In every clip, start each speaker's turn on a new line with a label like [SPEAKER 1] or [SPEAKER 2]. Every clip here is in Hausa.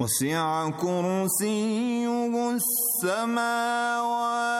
[SPEAKER 1] وسع كرسيه السماوات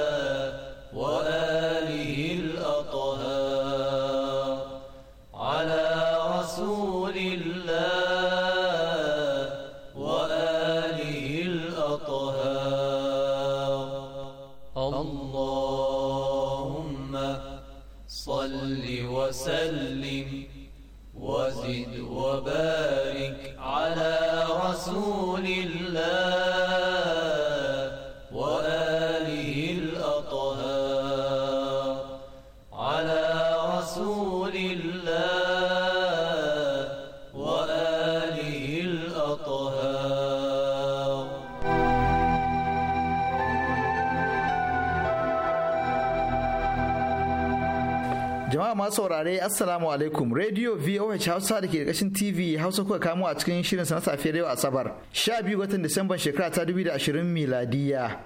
[SPEAKER 2] saurare assalamu alaikum radio voh hausa da ke ƙarƙashin tv hausa kuka kamo a cikin shirin sa na safiyar yau asabar sha biyu watan disamban shekara ta 2020 da ashirin miladiya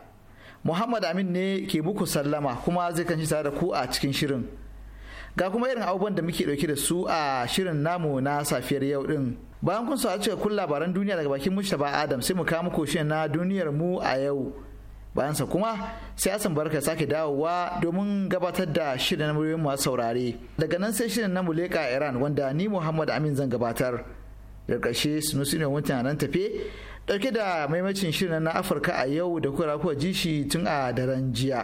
[SPEAKER 2] muhammad amin ne ke muku sallama kuma zai kanci tare da ku a cikin shirin ga kuma irin abubuwan da muke dauke da su a shirin namu na safiyar yau din bayan kun sa cika labaran duniya daga bakin mustapha adam sai mu kawo muku shirin na duniyar mu a yau bayansa kuma sai asan barka sake dawowa domin gabatar da shirin muryoyin masu saurare daga nan sai shirin na muleka iran wanda ni muhammad amin zan gabatar da ƙarshe sunusi ne a nan tafe ɗauke da maimacin shirin na afirka a yau da kura kuwa ji shi tun a daren jiya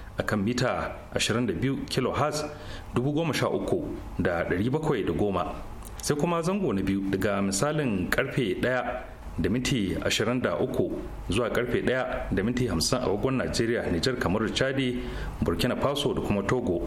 [SPEAKER 3] a kan mita 22 kHz 13710 sai kuma zango na biyu daga misalin karfe 1 da minti 23 zuwa karfe 1 da minti 50 a wagon Najeriya, Nijar, kamar Chadi, Burkina Faso da kuma Togo.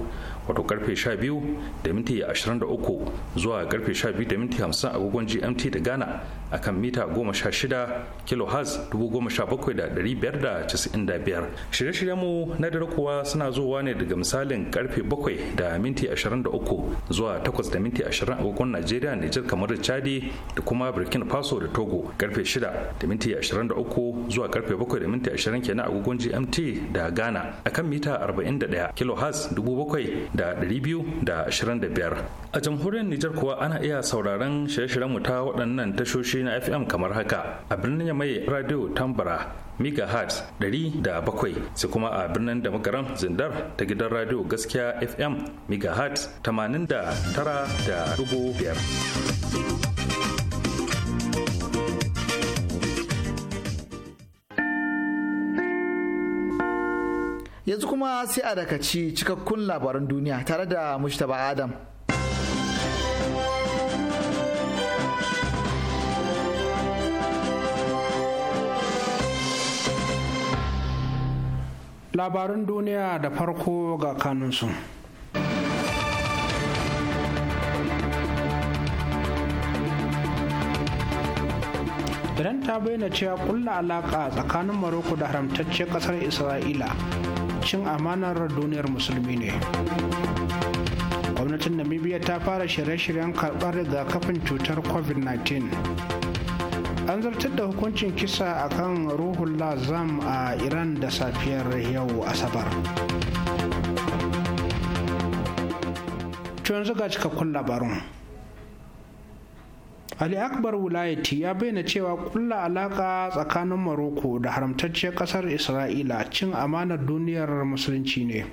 [SPEAKER 3] Wato karfe 12 da minti 23 zuwa karfe 12 da minti 50 a wagon GMT da Ghana a kan mita 16 kHz 17,595. Shirye-shiryen mu na dare kuwa suna zuwa ne daga misalin karfe 7 da minti 23 zuwa 8 da minti 20 a wagon Najeriya, Nijar, kamar Chadi da kuma Burkina Faso da Togo. Karfe shida da minti uku zuwa karfe bakwai da minti kenan agogon GMT da Ghana akan mita 41 kHz 7225. A jamhuriyar Nijar kuwa ana iya sauraron shirye-shiryen mu ta waɗannan tashoshi na FM kamar haka a birnin mai radio Tambara megahertz bakwai sai kuma a birnin da zindar ta gidan radio gaskiya fm megahertz 89.5
[SPEAKER 2] yanzu kuma sai a dakaci cikakkun labaran duniya tare da mustapha adam
[SPEAKER 4] labaran duniya da farko ga kanunsu iran ta bayyana cewa kulla alaka tsakanin maroko da haramtacce kasar isra'ila cin amanar duniyar musulmi ne gwamnatin namibia ta fara shirye-shiryen karɓar rigakafin cutar covid-19 an zartar da hukuncin kisa akan ruhul lazam a iran da safiyar yau asabar yanzu ga cikakkun labarun ali akbar wulayati ya bayyana cewa kulla alaƙa tsakanin maroko da haramtacciyar ƙasar isra'ila cin amanar duniyar musulunci ne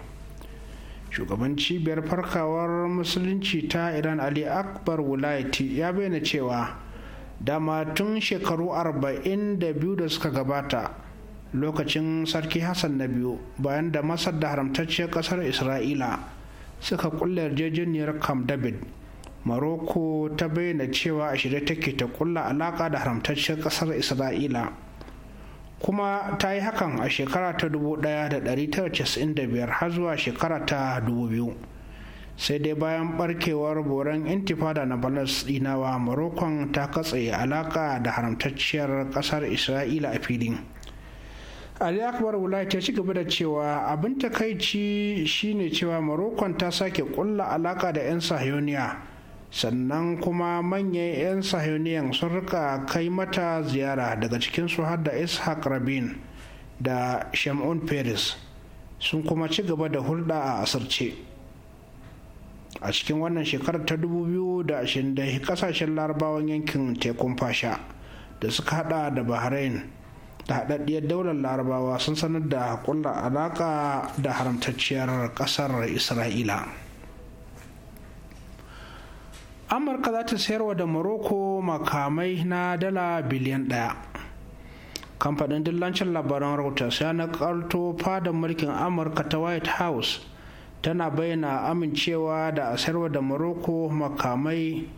[SPEAKER 4] shugaban cibiyar farkawar musulunci ta iran ali akbar wulayati ya bayyana cewa dama tun shekaru 42 da suka gabata lokacin sarki hassan na biyu bayan da masar da haramtacciyar ƙasar isra'ila suka kulle yarjejeniyar camp david maroko ta bayyana cewa a shirye take ta kulla alaka da haramtaccen kasar isra'ila kuma ta yi hakan a shekara ta 1995 har zuwa shekara ta 2000 sai dai bayan barkewar boran intifada na dinawa, marokon ta katse alaka da haramtacciyar kasar isra'ila a filin ali akbar wulai ta ci gaba da cewa abin takaici shine cewa marokon ta sake kulla alaka da 'yan Sahioniya. sannan kuma manyan 'yan sahiyoniyan sun rika kai mata ziyara daga cikin su har da ishaq rabin da shamun paris sun kuma ci gaba da hulɗa a asirce a cikin wannan shekarar ta 2020 da kasashen larabawan yankin tekun fasha da suka hada da bahrain da haɗaɗɗiyar daular larabawa sun sanar da kulla alaƙa da haramtacciyar ƙasar isra'ila amurka za ta sayarwa da morocco makamai na dala biliyan ɗaya kamfanin dillancin labaran reuters ya karto fadar mulkin amurka ta white house tana bayyana amincewa da a sayarwa da morocco makamai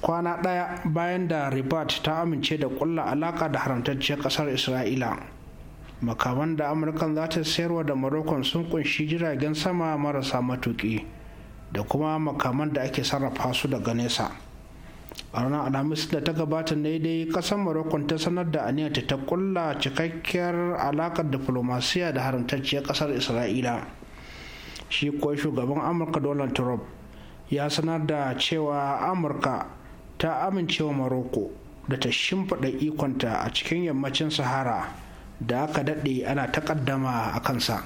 [SPEAKER 4] kwana ɗaya bayan da ribat ta amince da kulla alaka da haramtacciyar ƙasar isra'ila makaman da amurkan za ta sayarwa da morocco sun kunshi jiragen sama marasa matuki. da kuma makaman da ake sarrafa su daga nesa a ranar alhamis da ta gabata ne dai kasar morocco ta sanar da aniyarta ta kulla cikakkiyar alakar diplomasiya da haramtacciyar kasar isra'ila shi ko shugaban amurka donald trump ya sanar da cewa amurka ta amincewa morocco da ta shimfiɗa ikonta a cikin yammacin sahara da aka daɗe ana takaddama a kansa.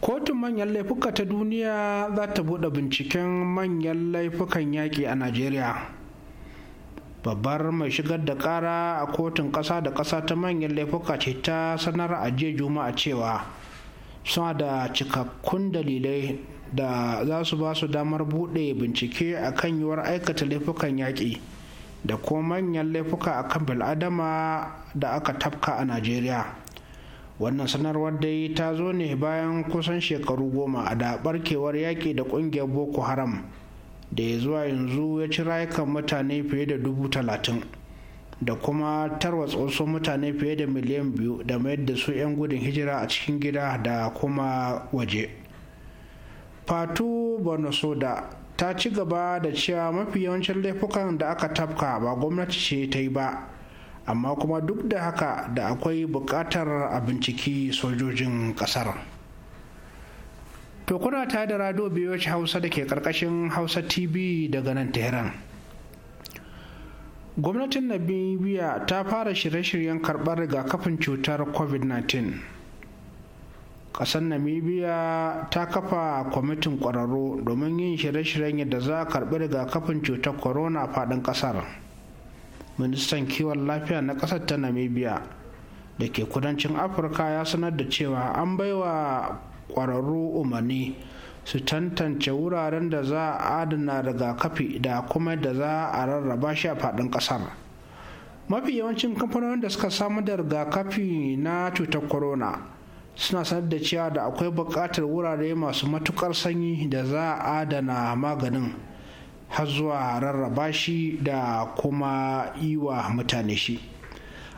[SPEAKER 4] kotun manyan laifuka ta duniya za ta buɗe binciken manyan laifukan yaƙi a najeriya babbar mai shigar da ƙara a kotun ƙasa da ƙasa ta manyan laifuka ce ta sanar a jiya juma'a cewa suna da cikakkun dalilai da za su ba su damar buɗe bincike a kan yiwuwar aikata laifukan yaƙi da kuma manyan laifuka a kan bil'adama da aka tafka a najeriya wannan sanarwar dai ta zo ne bayan kusan shekaru goma a da barkewar yaƙi da ƙungiyar boko haram da ya zuwa yanzu ya ci rayukan mutane fiye da dubu talatin da kuma tarwatsa wasu mutane fiye da miliyan biyu da mayar da su 'yan gudun hijira a cikin gida da kuma waje fatu bonosoda ta ci gaba da cewa mafi yawancin laifukan da aka tafka ba gwamnati ce ta yi ba amma kuma duk da haka da akwai bukatar a binciki sojojin ƙasar to kuna ta da rado biyoci hausa da ke ƙarƙashin hausa tv daga nan tehran gwamnatin namibia ta fara shirye-shiryen karɓar rigakafin cutar covid-19 ƙasar namibia ta kafa kwamitin ƙwararru domin yin shirye-shiryen yadda za a karɓi rigakafin cutar corona faɗin ƙasar ministan kiwon lafiya na ƙasar ta namibia da ke kudancin afirka ya sanar da cewa an baiwa ƙwararru umarni su tantance wuraren da za a adana rigakafi da kuma da za a rarraba shi a faɗin ƙasar mafi yawancin kamfanonin da suka samar da rigakafi na cutar corona suna sanar da cewa da akwai buƙatar wurare masu matuƙar sanyi da za a adana maganin har zuwa rarraba shi da kuma yi wa mutane shi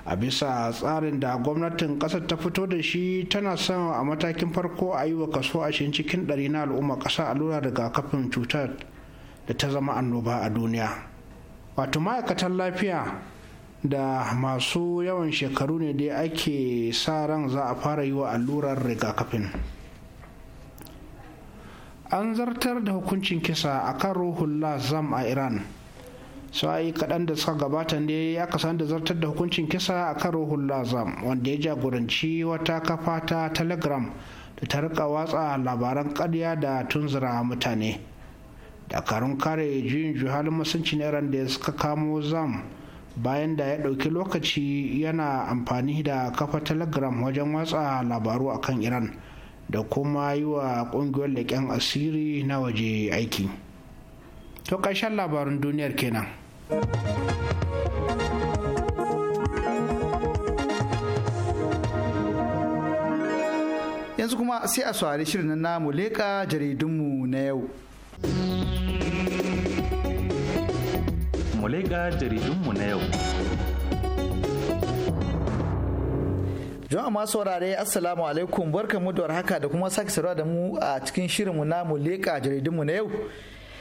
[SPEAKER 4] a bisa tsarin da gwamnatin ƙasar ta fito da shi tana son a matakin farko a yi wa kaso ashirin cikin ɗari na al'umma ƙasa allura daga kafin cutar da ta zama annoba a duniya wato ma'aikatan lafiya da masu yawan shekaru ne dai ake sa ran za a fara yi wa allurar rigakafin. an zartar da hukuncin kisa a kan ruhun lazam a iran sai kaɗan da suka gabata ne ya kasan da zartar da hukuncin kisa a kan ruhun lazam wanda ya jagoranci wata kafa ta telegram da ta rika watsa labaran ƙarya da tunzura mutane dakarun kare juyin juhalin musulunci na iran da suka kamo zam bayan da ya ɗauki lokaci yana amfani da kafa telegram wajen watsa labaru akan iran da kuma yi wa kungiyar leƙen asiri na waje aiki to ƙarshen labarin duniyar kenan
[SPEAKER 2] yanzu kuma sai a saurari shirin na namu leƙa jaridunmu na yau
[SPEAKER 3] Muleka jaridunmu na yau.
[SPEAKER 2] jama'a masu saurare assalamu alaikum barkamu da haka da kuma sake saurara da mu a cikin shirinmu na mu leƙa jaridunmu na yau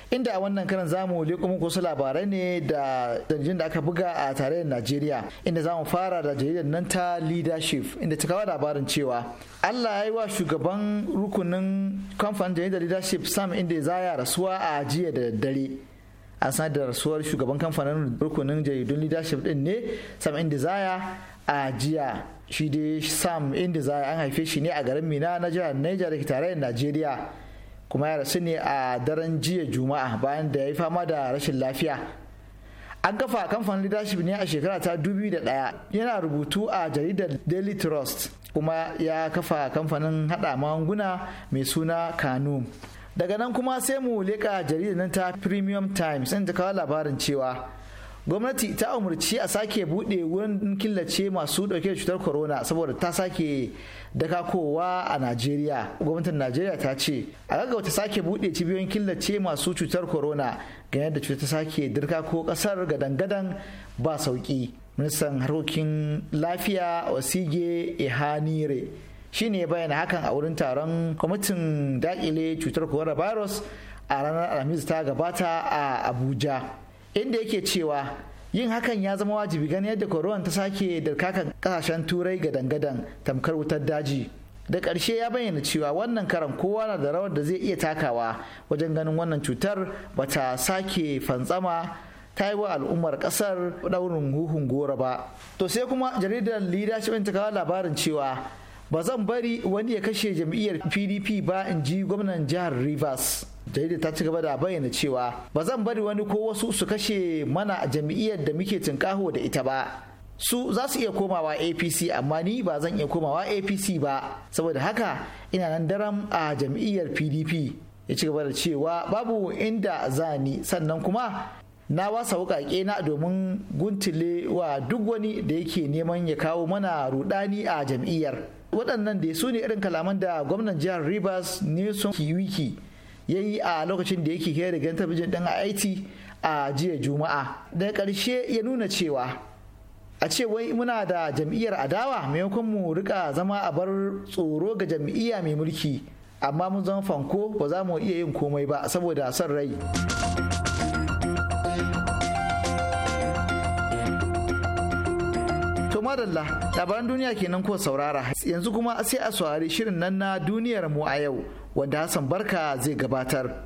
[SPEAKER 2] inda a wannan karan zamu leko muku wasu labarai ne da jaridun da aka buga a tarayyar Najeriya inda zamu fara da jaridar nan ta leadership inda ta kawo labarin cewa Allah ya yi wa shugaban rukunin kamfanin jaridar leadership Sam inda ya zaya rasuwa a jiya da daddare a sanar da rasuwar shugaban kamfanin rukunin jaridun leadership din ne Sam inda zaya a jiya shi dai sam indiza an haife shi ne a garin mina na jihar niger da ke tarayyar najeriya kuma ya rasu ne a daren jiya juma'a bayan da ya yi fama da rashin lafiya an kafa kamfanin leadership ne a shekara ta da ɗaya. yana rubutu a jaridar daily trust kuma ya kafa kamfanin hada magunguna mai suna kanu daga nan kuma sai mu leka jaridar nan ta premium times inda kawo labarin cewa gwamnati ta umarci a sake bude wurin killace masu dauke da cutar corona saboda ta sake dakakowa a najeriya gwamnatin najeriya ta ce a ta sake bude cibiyoyin killace masu cutar corona ga yadda cutar ta sake dirkako ƙasar gadan-gadan ba sauki. ministan harkokin lafiya osige ehanire shine bayyana hakan a wurin taron kwamitin dakile cutar coronavirus a ranar alhamis ta gabata a abuja inda yake cewa yin hakan ya zama wajibi ganin yadda korewan ta sake da kakan kasashen turai ga dangadan tamkar wutar daji da ƙarshe ya bayyana cewa wannan karan kowa na da rawar da zai iya takawa wajen ganin wannan cutar bata sake fantsama ta yi wa al'ummar ƙasar daurin huhun gora ba to sai kuma jaridar leadership ta kawo labarin cewa ba zan bari wani ya kashe jam'iyyar pdp ba in ji gwamnan jihar rivers jaridar ta ci gaba da bayyana cewa ba zan bari wani ko wasu su kashe mana jam'iyyar da muke tunkaho da ita ba su za su iya komawa apc amma ni ba zan iya komawa apc ba saboda haka ina nan daram a jam'iyyar pdp ya ci gaba da cewa babu inda zani sannan kuma na wasa wukake na domin guntule wa duk wani da yake neman ya kawo mana rudani a jam'iyyar waɗannan da su ne irin kalaman da gwamnan jihar rivers nelson kiwiki ya yi a lokacin da yake kai da talabijin ɗin a IT a jiya Juma'a. Daga karshe ya nuna cewa a ce wai muna da jam'iyyar adawa maimakon mu rika zama a bar tsoro ga jam'iyya mai mulki amma mun zama fanko ba za mu iya yin komai ba saboda son rai. madalla labaran duniya kenan ko saurara yanzu kuma sai a saurari shirin nan na duniyar mu a yau wanda Hassan Barka zai gabatar.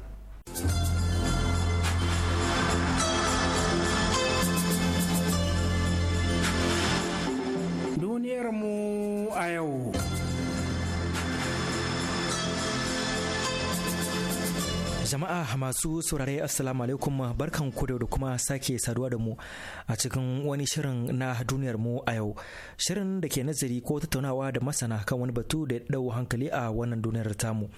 [SPEAKER 4] duniyar mu
[SPEAKER 5] a yau. Jama'a masu saurare Assalamu alaikum barkan ku da kuma sake saduwa da mu a cikin wani shirin na duniyar mu a yau. Shirin da ke nazari ko tattaunawa da masana kan wani batu da ya dau hankali a wannan duniyar tamu.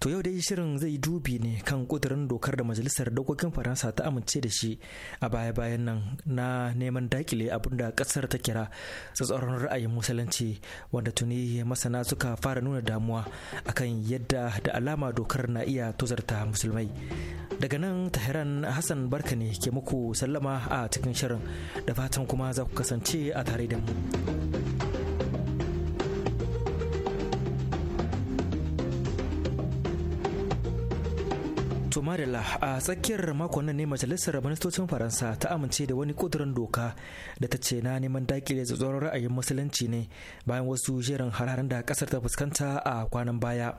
[SPEAKER 5] to yau dai shirin zai dubi ne kan kudirin dokar da majalisar dokokin faransa ta amince da shi a baya-bayan nan na neman dakile abin da kasar ta kira tsatsauran ra'ayin musulunci wanda tuni masana suka fara nuna damuwa akan yadda da alama dokar na iya tozarta musulmai daga nan tahiran hassan barka ne ke muku sallama a cikin shirin da fatan kuma za ku kasance a tare da mu. To Marilla, a tsakiyar makon nan ne majalisar ministocin Faransa ta amince da wani kudurin doka da ta ce na neman dakile tsoron ra'ayin musulunci ne bayan wasu jerin hararen da kasar ta fuskanta a kwanan baya.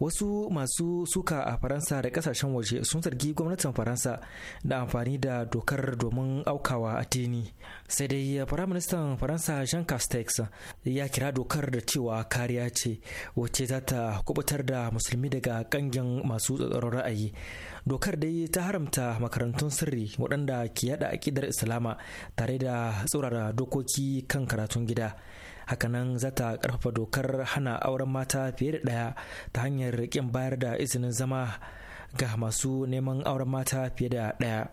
[SPEAKER 5] wasu masu suka a faransa da kasashen waje sun zargi gwamnatin faransa da amfani da dokar domin aukawa a tini sai dai firaministan faransa jean castex ya kira dokar da cewa kariya ce wacce za ta kubutar da musulmi daga kangin masu tsaron ra'ayi dokar dai ta haramta makarantun sirri waɗanda ke yada akidar islama tare da tsorara dokoki kan karatun gida hakanan za ta karfafa dokar hana auren mata fiye da ɗaya ta hanyar rikin bayar da izinin zama ga masu neman auren mata fiye da ɗaya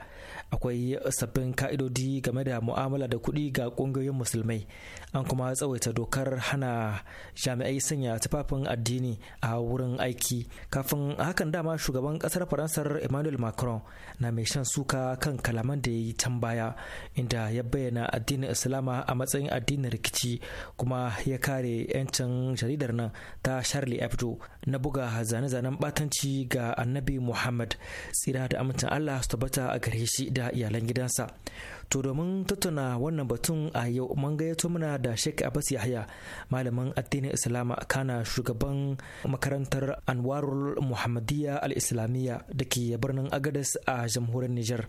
[SPEAKER 5] akwai sabbin ka'idodi game da mu'amala da kuɗi ga ƙungiyoyin musulmai an kuma tsawaita dokar hana jami'ai sanya tufafin addini a wurin aiki kafin hakan dama shugaban ƙasar faransar emmanuel macron na mai shan suka kan kalaman da ya yi can baya inda ya bayyana addinin islama a matsayin addinin rikici kuma ya kare 'yancin jaridar nan ta charlie hebdo na buga zane-zanen batanci ga annabi muhammad tsira da amincin allah su tabbata a gare shi da iyalan gidansa to domin tattauna wannan batun a yau mun gayyato muna da Sheikh Abbas Yahya malamin addinin islam kana shugaban makarantar Anwarul Muhammadiyya al-Islamiyya dake ke birnin Agadez a jamhuriyar niger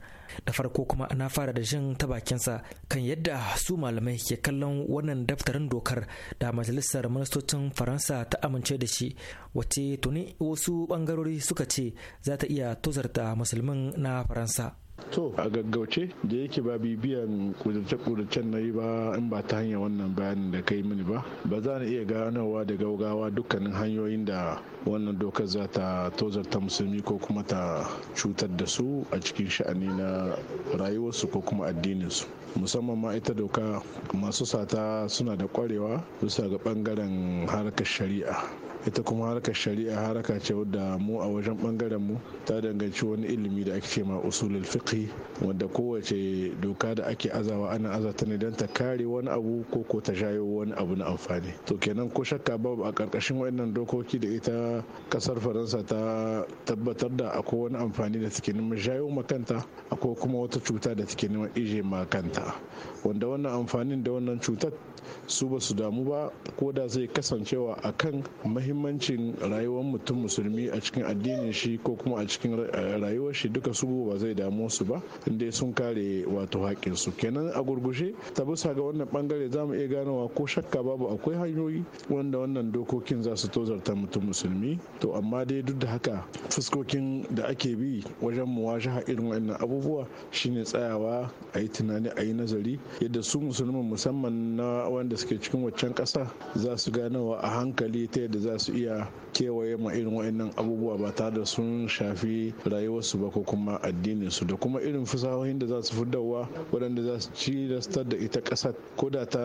[SPEAKER 5] da farko kuma na fara da jin ta bakinsa kan yadda su malamai ke kallon wannan daftarin dokar da majalisar ministocin Faransa ta amince da shi wacce tuni wasu bangarori suka ce za ta iya tozarta musulmin na Faransa.
[SPEAKER 6] to a gaggauce da yake ba bibiyan kudurce-kudurcen na yi ba in ba ta hanyar wannan bayanin da kai mini ba ba za na iya ganowa da gaugawa dukkanin hanyoyin da wannan dokar za ta tozarta musulmi ko kuma ta cutar da su a cikin sha'ani na rayuwarsu ko kuma addininsu musamman ma ita doka masu sata suna da kwarewa bisa ga bangaren harkar shari'a ita kuma harkar shari'a haraka ce wadda mu a wajen bangaren mu ta danganci wani ilimi da ake ma usulul fiqi wadda kowace doka da ake azawa ana azata ne don ta kare wani abu ko ko ta shayo wani abu na amfani to kenan ko shakka babu a karkashin wayannan dokoki da ita kasar faransa ta tabbatar da akwai wani amfani da take neman ma makanta akwai kuma wata cuta da take neman ije makanta wanda wannan amfanin da wannan cutar su ba su damu ba ko da zai kasancewa akan mahimmanci muhimmancin rayuwar mutum musulmi a cikin addinin shi ko kuma a cikin rayuwar shi duka su ba zai damu su ba inda sun kare wato haƙƙin su kenan a gurgushe ta bisa ga wannan bangare za mu iya ganowa ko shakka babu akwai hanyoyi wanda wannan dokokin za su tozarta mutum musulmi to amma dai duk da haka fuskokin da ake bi wajen muwashaha irin wannan abubuwa shine tsayawa a yi tunani a yi nazari yadda su musulmin musamman na wanda suke cikin waccan ƙasa za su ganowa a hankali ta yadda za su iya kewaye ma irin wa'annan abubuwa ba tare da sun shafi rayuwarsu ba ko kuma addinin su da kuma irin fasahohin da za su fitarwa waɗanda za su cilastar da ita ƙasa ko da ta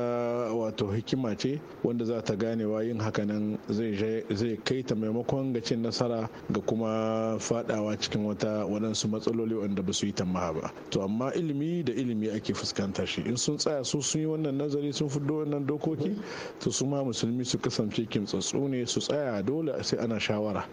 [SPEAKER 6] wato hikima ce wanda za ta ganewa yin hakanan zai kai ta maimakon ga cin nasara ga kuma fadawa cikin wata waɗansu matsaloli wanda ba su yi tamaha ba to amma ilimi da ilimi ake fuskanta shi in sun tsaya su sun yi wannan nazari sun fiddo wannan dokoki to su ma musulmi su kasance kimtsatsu ne su tsaya dole sai ana shawara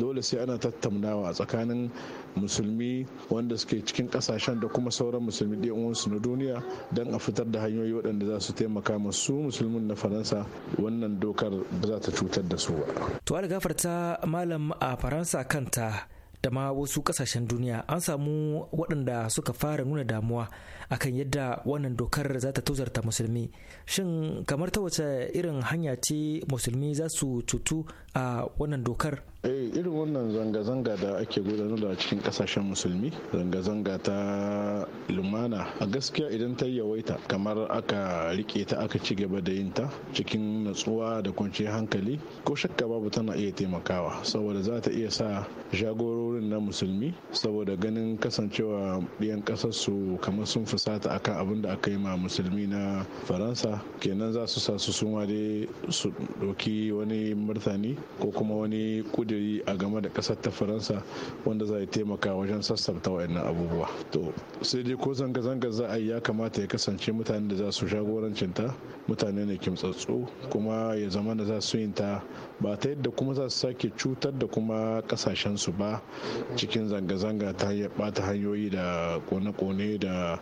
[SPEAKER 6] dole sai ana tattaunawa tsakanin musulmi wanda suke cikin kasashen da kuma sauran musulmi ɗin uwansu na duniya don a fitar da hanyoyi waɗanda za su taimaka masu musulmin na faransa wannan dokar ba za ta cutar da su ba.
[SPEAKER 5] to gafarta malam a faransa kanta da ma wasu kasashen duniya an samu waɗanda suka fara nuna damuwa akan yadda wannan dokar za ta tozarta musulmi shin kamar ta wace irin hanya ce musulmi za su cutu a wannan dokar
[SPEAKER 6] eh irin wannan zanga-zanga da ake gudanar da cikin kasashen musulmi zanga-zanga ta lumana a gaskiya idan ta yawaita kamar aka rike ta aka ci gaba da yin ta cikin natsuwa da kwanciyar hankali ko shakka babu tana iya taimakawa saboda za ta iya sa jagororin na musulmi saboda ganin kasancewa ɗiyan ƙasar su kamar sun fusata akan abin da aka yi ma musulmi na faransa kenan za su sa su suma dai su ɗauki wani martani ko kuma wani ƙudi. ake yi a game da kasar ta faransa wanda za taimaka wajen sassarta wayannan abubuwa to sai dai ko zanga-zanga za a yi ya kamata ya kasance mutanen da za su jagorancin ta mutane ne kimtsatsu kuma ya zama da za su yin ta ba ta yadda kuma za su sake cutar da kuma su ba cikin zanga-zanga ta yi bata hanyoyi da kone-kone da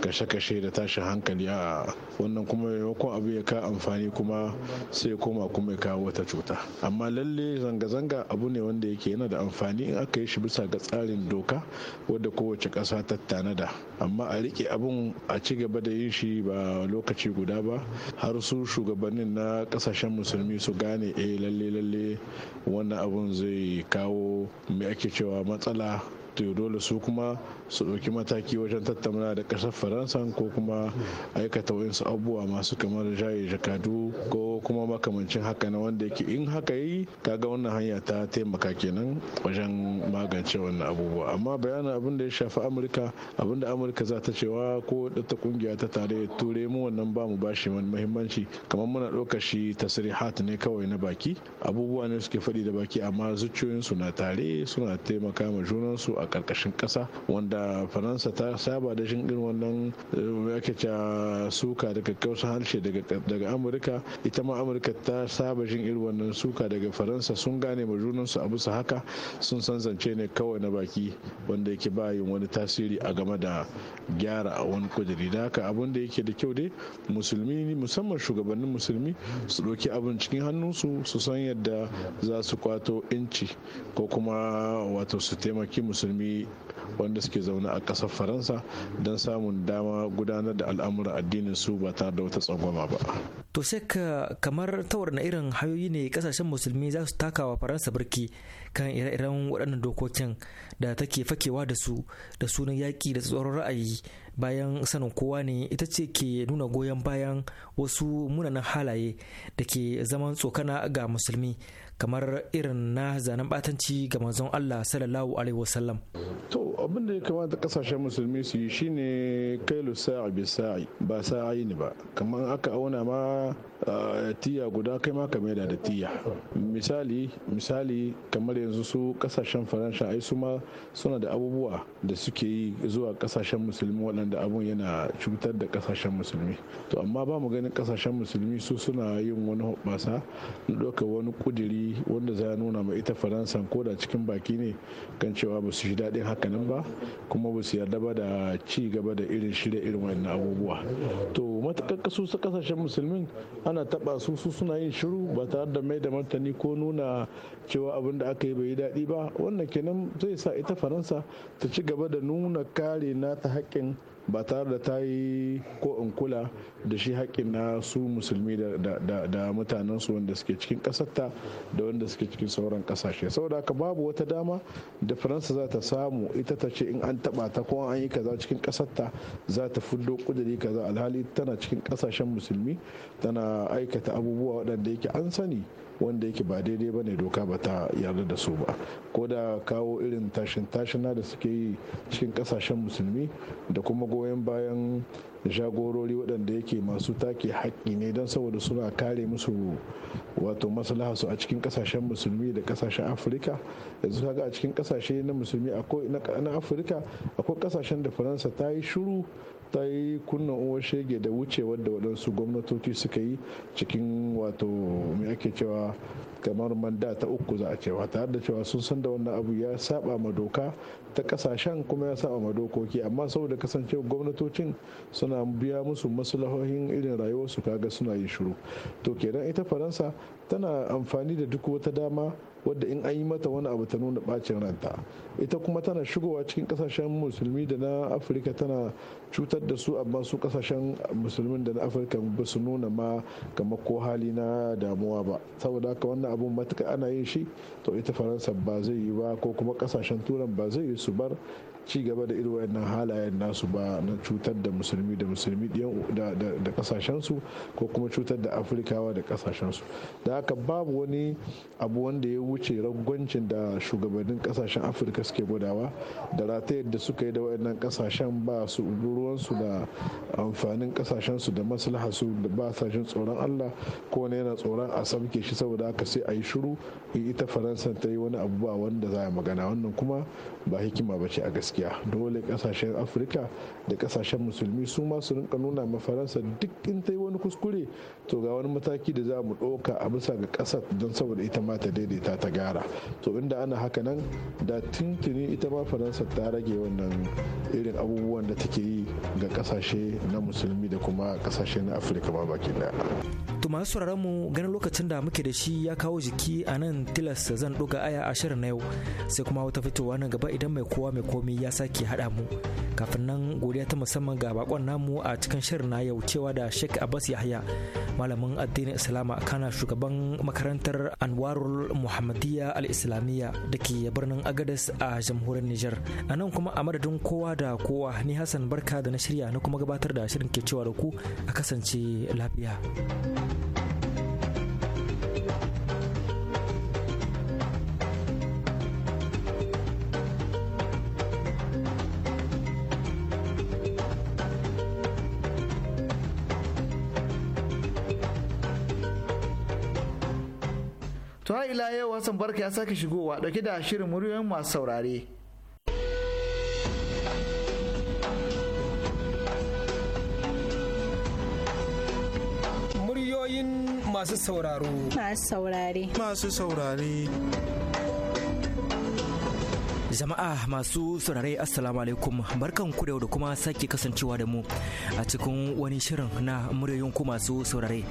[SPEAKER 6] kashe-kashe da tashin hankali a wannan kuma maimakon abu ya ka amfani kuma sai ya koma kuma ya kawo wata cuta amma lalle zanga-zanga abu ne wanda yake yana da amfani in aka yi shi bisa ga tsarin doka wadda kowace ƙasa ta tanada amma a rike abun a ci gaba da yin shi ba lokaci guda ba har su shugabannin na kasashen musulmi su gane eh lalle lalle lalle wannan abun zai kawo mai ake cewa matsala to dole su kuma su ɗauki mataki wajen tattauna da ƙasar faransa ko kuma aikata wayansu abubuwa masu kamar jaye jakadu ko kuma makamancin haka na wanda yake in haka yi kaga wannan hanya ta taimaka kenan wajen magance wannan abubuwa amma bayanin abin da ya shafi amurka abin da amurka za ta cewa ko ta kungiya ta tare ture mu wannan ba mu bashi wani muhimmanci kamar muna ɗaukar shi tasirihat ne kawai na baki abubuwa ne suke faɗi da baki amma zuciyoyinsu na tare suna taimaka ma junansu a ƙarƙashin ƙasa wanda da faransa ta saba da shin irin wannan eh, ake ta suka daga kausa harshe daga amurka ita ma amurka ta saba shin irin wannan suka daga faransa sun gane ma junansu a bisa haka sun san zance ne kawai na baki wanda yake yin wani tasiri a game da gyara a wani kudiri da haka abun da yake da kyau dai musulmi musamman shugabannin musulmi su ɗauki abin cikin hannunsu su san yadda za su kwato inci ko kuma wato su taimaki musulmi wanda suke zaune a ƙasar faransa don samun dama gudanar da al'amura addinin su ba tare da wata tsangwama ba
[SPEAKER 5] to sai ka kamar tawar na irin hayoyi ne kasashen musulmi za su taka wa faransa birki kan ire-iren waɗannan dokokin da take fakewa da su da sunan yaƙi da tsoron ra'ayi bayan sanin kowa ne ita ce ke nuna goyon bayan wasu munanan halaye da ke zaman tsokana ga musulmi kamar irin na zanen batanci ga manzon Allah sallallahu
[SPEAKER 6] alaihi wasallam. To abin da ya kamata kasashen musulmi su yi shine kai sa'i bi sa'i ba sa'i ne ba kamar aka auna ma tiya guda kai ma ka maida da tiya misali misali kamar yanzu su kasashen faransa ai su ma suna da abubuwa da suke yi zuwa kasashen musulmi waɗanda da abun yana cutar da kasashen musulmi to amma ba mu ganin kasashen musulmi su suna yin wani hoɓɓasa na ɗaukar wani kudiri wanda za nuna ma ita faransa ko da cikin baki ne kan cewa ba su shi daɗin hakanan ba kuma ba su yarda ba da ci gaba da irin shirya irin wannan abubuwa to matakan kasu su kasashen musulmi ana taɓa su su suna yin shiru ba tare da mai da martani ko nuna cewa abin da aka yi bai yi daɗi ba wannan kenan zai sa ita faransa ta ci gaba da nuna kare na ta haƙƙin ba tare da ta yi ko in kula da shi haƙƙin na su musulmi da mutanensu su wanda suke cikin ƙasarta da wanda suke cikin sauran ƙasashe saboda haka babu wata dama da faransa za ta samu ita ta ce in an taɓa ta ko an yi kaza cikin ƙasarta za ta fudo ƙudiri kaza alhali tana cikin ƙasashen musulmi tana aikata abubuwa waɗanda yake an sani wanda yake ba daidai ba ne doka ba ta yarda da su ba ko da kawo irin tashin tashina da suke yi cikin kasashen musulmi da kuma goyon bayan jagorori waɗanda yake masu take haƙƙi ne don saboda suna kare musu wato maslaha su a cikin kasashen musulmi da kasashen afirka yanzu kaga a cikin kasashe na musulmi na afirka akwai kasashen da faransa ta yi shuru ta yi kunna uwar shege da wucewar da waɗansu gwamnatoci suka yi cikin wato mai ake cewa kamar manda ta uku za a cewa tare da cewa sun san da wannan abu ya saba ma doka ta kasashen kuma ya saba ma dokoki amma saboda kasance gwamnatocin suna biya musu maslahohin irin rayuwarsu kaga suna yin shiru to kenan ita faransa tana amfani da duk wata dama wadda in an yi mata wani abu ta nuna bacin ranta ita kuma tana shigowa cikin kasashen musulmi da na afirka tana cutar da su amma su kasashen musulmin da na afirka ba su nuna ma kamar ko hali na damuwa ba saboda haka wannan abun matuka ana yin shi to ita faransa ba zai yi ba ko kuma kasashen turan ba zai yi su bar ci gaba da irin wayannan halayen nasu ba na cutar da musulmi da musulmi da kasashensu ko kuma cutar da afirkawa da kasashensu da haka babu wani abu wanda ya wuce ragwancin da shugabannin kasashen afirka suke gudawa da ratayar da suka yi da wayannan kasashen ba su ruwansu da amfanin kasashensu da maslahasu da ba sa jin tsoron allah ko wani yana tsoron a samke shi saboda haka sai a yi shiru ita faransa ta yi wani abu ba wanda za a magana wannan kuma ba hikima ba ce a gaske gaskiya dole kasashen afirka da kasashen musulmi su ma su rinka nuna ma faransa duk in ta yi wani kuskure to ga wani mataki da za mu ɗauka a bisa ga kasar don saboda ita ma ta daidaita ta gara to inda ana haka nan da tuntuni ita ma faransa ta rage wannan irin abubuwan da take yi ga kasashe na musulmi da kuma kasashe na afirka ma baki daya
[SPEAKER 5] to masu sauraron mu ganin lokacin da muke da shi ya kawo jiki a nan tilas zan ɗuga aya shirin na yau sai kuma wata fitowa na gaba idan mai kowa mai komai ya sake haɗa mu kafin nan godiya ta musamman ga bakon namu a cikin shirin na yau cewa da Sheikh Abbas Yahya malamin addinin Islama kana shugaban makarantar Anwarul Muhammadiyya al-Islamiyya dake birnin Agadez a jamhuriyar Niger a nan kuma a madadin kowa da kowa ni Hassan Barka da na shirya na kuma gabatar da shirin ke cewa da ku a kasance lafiya.
[SPEAKER 2] ila yau Hassan Barka ya sake shigowa dauke da shirin muryoyin masu saurare.
[SPEAKER 7] Muryoyin masu sauraro.
[SPEAKER 8] Masu
[SPEAKER 9] saurare.
[SPEAKER 7] Masu saurare.
[SPEAKER 5] Jama'a masu saurare Assalamu alaikum barkan ku da kuma sake kasancewa da mu a cikin wani shirin na muryoyin ku masu saurare.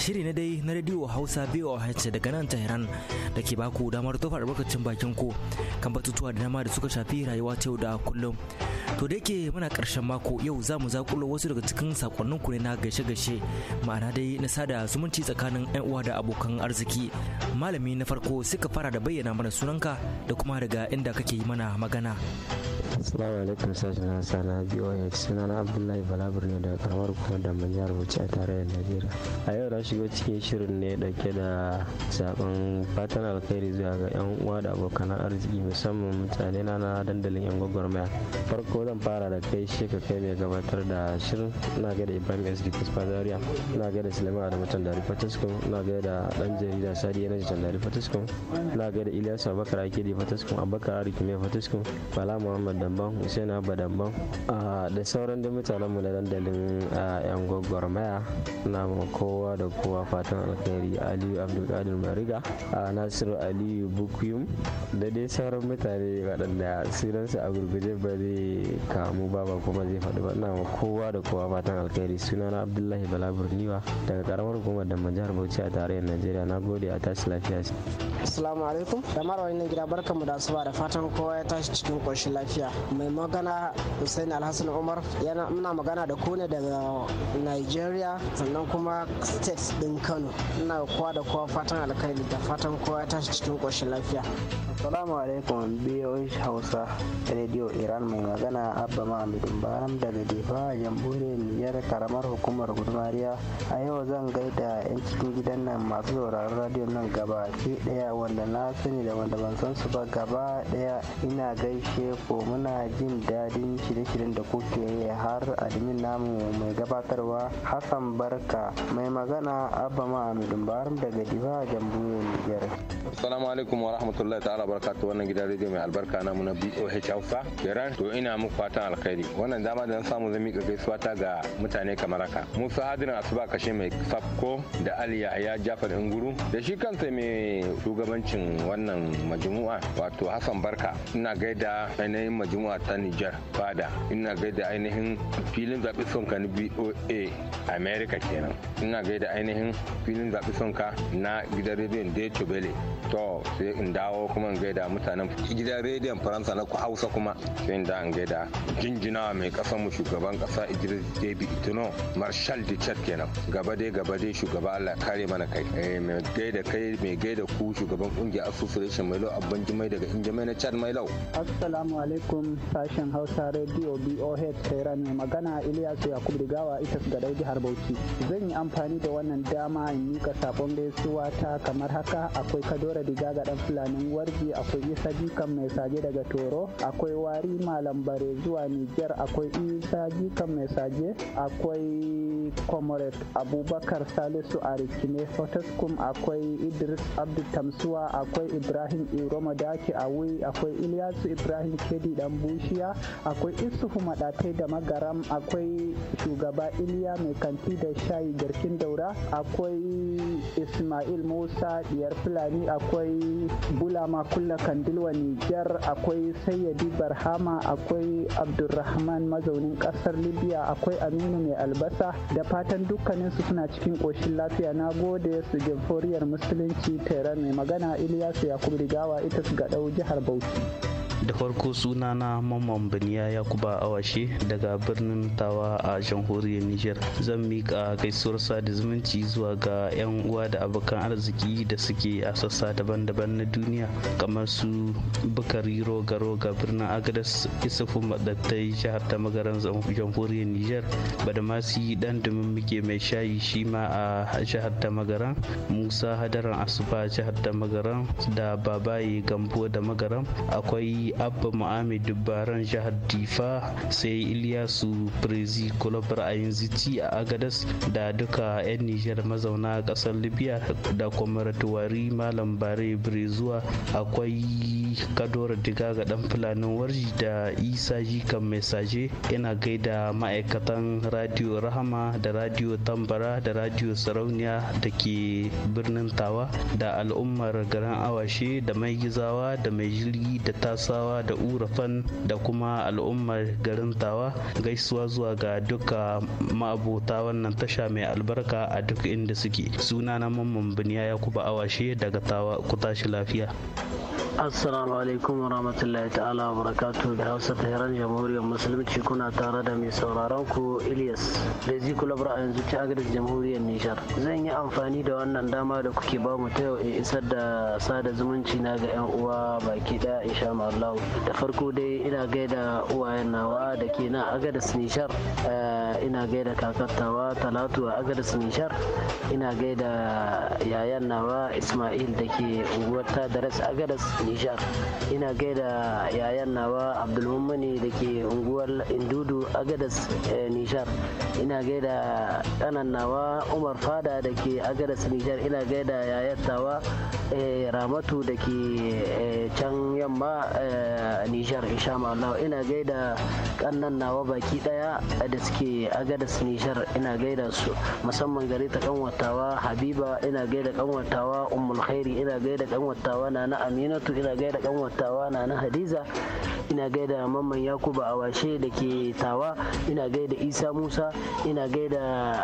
[SPEAKER 5] Shiri na dai na radio Hausa BOH daga nan Tehran da ke baku damar tofar albarkacin bakin ku kan batutuwa da dama da suka shafi rayuwa ta yau da kullum. to da yake muna karshen mako yau za mu zakulo wasu daga cikin sakonnin ku na gaishe-gaishe ma'ana dai na sada zumunci tsakanin 'yan uwa da abokan arziki malami na farko suka fara da bayyana mana sunanka da kuma daga inda kake yi mana
[SPEAKER 10] magana Assalamu alaikum sashen Hausa na BOF suna na Abdullahi Balabur ne daga karamar kuma da manjar Bauchi a tarayyar Najeriya. A yau na shigo cikin shirin ne dauke da zaben fatan alkhairi zuwa ga yan uwa da abokan arziki musamman mutane na na dandalin yan gwagwarmaya. Farko zan fara da kai shi ka kai mai gabatar da shirin na ga da Ibrahim S. Dikas Fazariya ga da Sulaiman Adamu Tandari Fataskun na ga da dan jarida Sadi Yanaji Tandari Fataskun na ga da Ilyas Abubakar Akidi Fataskun Abubakar Arikime Fataskun Bala Muhammad Hussein Abba badamban ah, da sauran da mu na dandalin ah, yan maya na kowa da kowa fatan alkhairi aliyu abdulkadir mariga ah, nasiru aliyu bukuyum da dai sauran mutane waɗanda sunansu a gurguje ba zai kamu ba ba kuma zai faɗi ba na ma kowa da kowa fatan alkhairi sunana abdullahi bala burniwa daga karamar hukumar da jihar bauchi a tarayyar najeriya na gode a tashi lafiya
[SPEAKER 9] assalamu alaikum da mara wani gida barkanmu da asuba da fatan kowa ya tashi cikin ƙoshin lafiya mai magana hussein alhassan umar yana muna magana da kone daga nigeria sannan kuma state din kano ina kowa da kowa fatan alkhairi da fatan kowa ya tashi cikin ƙoshin lafiya assalamu alaikum biyoyi hausa
[SPEAKER 10] radio iran mai magana abba mahamudin baram daga defa jamhuriyar niyar karamar hukumar gudumariya a yau zan gaida yan cikin gidan nan masu sauraron radio nan gaba ke daya wanda na sani da wanda ban san su ba gaba daya ina gaishe ko muna muna jin daɗin shirye-shiryen da kuke yi har admin namu mai gabatarwa Hassan Barka mai magana Abba Ma'amudin Baram daga Diba
[SPEAKER 11] Jamhuriyar niger
[SPEAKER 12] Assalamu alaikum wa rahmatullahi ta'ala barakatuh wannan gidan rediyo mai albarka na mu na BOH Hausa. Iran to ina muku fatan alkhairi. Wannan dama da na samu zan miƙa gaisuwa ta ga mutane kamar haka. Musa Hadirin Asuba kashe mai Sapko da Ali Yahya Jafar Inguru da shi kansa mai shugabancin wannan majmu'a wato Hassan Barka. Ina gaida ainihin majmu'a al'umma ta Nijar fada ina gaida ainihin filin zaɓi sonka na BOA America kenan ina gaida ainihin filin zaɓi sonka na gidan rediyon Deutsche Welle to sai in dawo kuma in gaida mutanen gidan rediyon Faransa na Hausa kuma sai in da in gaida jinjina mai ƙasar mu shugaban ƙasa Idris Deby Itno Marshal de Chat kenan gaba dai gaba dai shugaba Allah kare mana kai eh, mai gaida kai mai gaida ku shugaban kungiyar association Mailo Abban Jimai daga Injimai na Chad Mailau
[SPEAKER 13] assalamu alaikum alaikum sashen Hausa Radio BOH Tehran mai magana Ilyasu Yakubu ita su Gadau jihar Bauchi. Zan yi amfani da wannan dama in mika sabon gaisuwa ta kamar haka akwai Kadora Diga ga dan Fulanin Warji akwai Isa Jikan mai saje daga Toro akwai Wari Malam Bare zuwa Niger akwai Isa Jikan mai saje akwai comrade abubakar salisu a rikine fortescue akwai idris abdu tamsuwa akwai ibrahim iroma daki a wuri akwai ilyasu ibrahim kedi dan bushiya akwai isufu madatai da magaram akwai shugaba iliya mai kanti da shayi garkin daura akwai ismail musa diyar fulani akwai bulama kulla kandilwa nijar akwai sayyadi barhama akwai abdulrahman mazaunin kasar libya akwai aminu mai albasa da fatan dukkaninsu suna cikin koshin lafiya na gode su jamforiyar musulunci tare mai magana iliyasu yakubu rigawa ita su ga ɗau jihar bauchi
[SPEAKER 11] da farko sunana mamman biniya yakuba awashe daga birnin tawa a jamhuriyar niger zan miƙa gaisuwar da zumunci zuwa ga 'yan uwa da abokan arziki da suke a sassa daban-daban na duniya kamar su bukari roga-roga birnin agadas isufu madattai jihar ta magaran jamhuriyar niger badamasi dan dumin muke mai shayi shi ma a jihar ta magaran musa hadaran asuba jihar ta magaran da babaye gambo da magaran akwai abba mu'amid dubbaran jihar difa sai iliyasu prezi kulabar a zici a agadas da duka 'yan nijar mazauna kasar libya da ratuwari malam bare brezuwa akwai kadora diga ga dan fulanin warji da isa jikan masaje. saje yana gaida ma'aikatan radio rahama da radio tambara da radio sarauniya da ke birnin tawa da al'ummar garin awashe da mai gizawa da mai jirgi da tasa tawa da urafan da kuma al'ummar garin tawa gaisuwa zuwa ga duka ma'abota wannan tasha mai albarka a duk inda suke sunana mamman biniya ya kuba awashe daga tawa ku tashi lafiya
[SPEAKER 9] assalamu alaikum wa rahmatullahi ta'ala wa barakatu da hausa ta heran jamhuriyar musulunci kuna tare da mai sauraron ku ilyas da zikulabra a yanzu ta agadis jamhuriyar nijar zan yi amfani da wannan dama da kuke ba mu ta yau in isar da sada zumunci na ga yan uwa baki da insha Allah da farko dai ina gaida uwayen nawa da ke na agadis nijar eh, ina gaida kakatawa talatu a agadis nishar ina gaida yayan nawa ismail da ke unguwar ta da agadis Nijar. Ina gaida yayan nawa Abdulmumani da ke unguwar Indudu Agadas eh, Nijar. Ina gaida ɗanan nawa Umar Fada da ke Agadas Nijar. Ina gaida yayan nawa eh, Ramatu da ke eh, can yamma Nijar insha Allah. Ina gaida kannan nawa baki daya da suke Agadas Nijar. Ina gaida su musamman gare ta kanwatawa Habiba ina gaida kanwatawa Ummul Khairi ina gaida kanwatawa Nana Aminatu Bilkisu ina gaida kanwatawa na na Hadiza ina gaida Mamman Yakuba Awashe da ke Tawa ina gaida Isa Musa ina gaida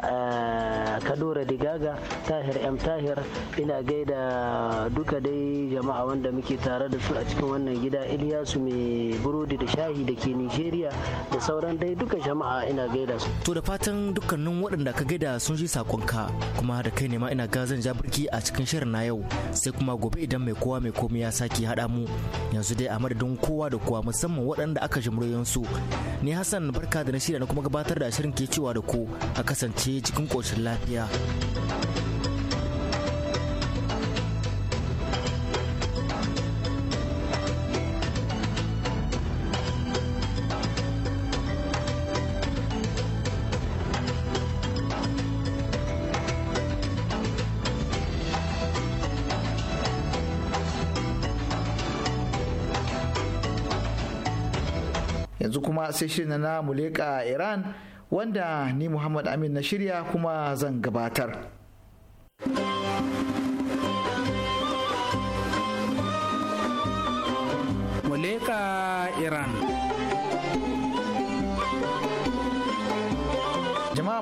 [SPEAKER 9] eh, Kadora Digaga Tahir M Tahir ina gaida duka dai jama'a wanda muke tare da su a cikin wannan gida Iliyasu mai burodi da shahi da ke Nigeria da sauran dai duka jama'a ina gaida su. To da fatan
[SPEAKER 5] dukkanin waɗanda ka gaida sun ji sakonka kuma da kai ne ma ina gazan birki a cikin shirin na yau sai kuma gobe idan mai kowa mai komai ya sake Sarki haɗa mu yanzu dai a madadin kowa da kowa musamman waɗanda aka ji su Ni Hassan barka da na shirya na kuma gabatar da shirin ke cewa da ku a kasance cikin ƙoshin lafiya.
[SPEAKER 2] kuma sai shirin na muleka iran wanda ni muhammad amin na shirya kuma zan gabatar muleka iran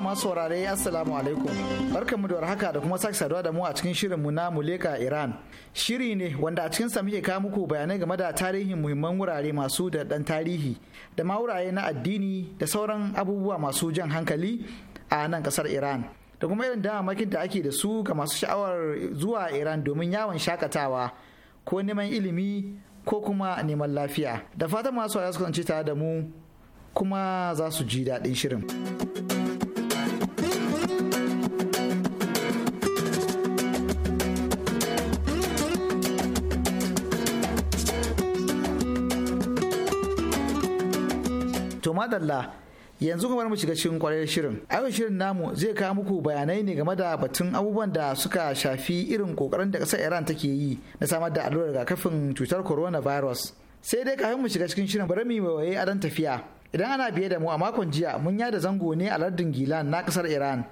[SPEAKER 2] masu saurare assalamu alaikum mu da warhaka da kuma sake saduwa da mu a cikin shirin mu na muleka iran shiri ne wanda a cikin sa muke kawo muku bayanai game da tarihin muhimman wurare masu da dan tarihi da ma wurare na addini da sauran abubuwa masu jan hankali a nan kasar iran da kuma irin damamakin da ake da su ga masu sha'awar zuwa iran domin yawon shakatawa ko neman ilimi ko kuma neman lafiya da fatan masu su kasance tare da mu kuma za su ji daɗin shirin. to madalla yanzu kamar mu shiga cikin kwarar shirin ayon shirin namu zai kawo muku bayanai ne game da batun abubuwan da suka shafi irin kokarin da kasar iran take yi na samar da allurar kafin cutar coronavirus sai dai kafin mu shiga cikin shirin bari mu waye adon tafiya idan ana biye da mu a makon jiya mun yada zango ne a lardin gilan na kasar iran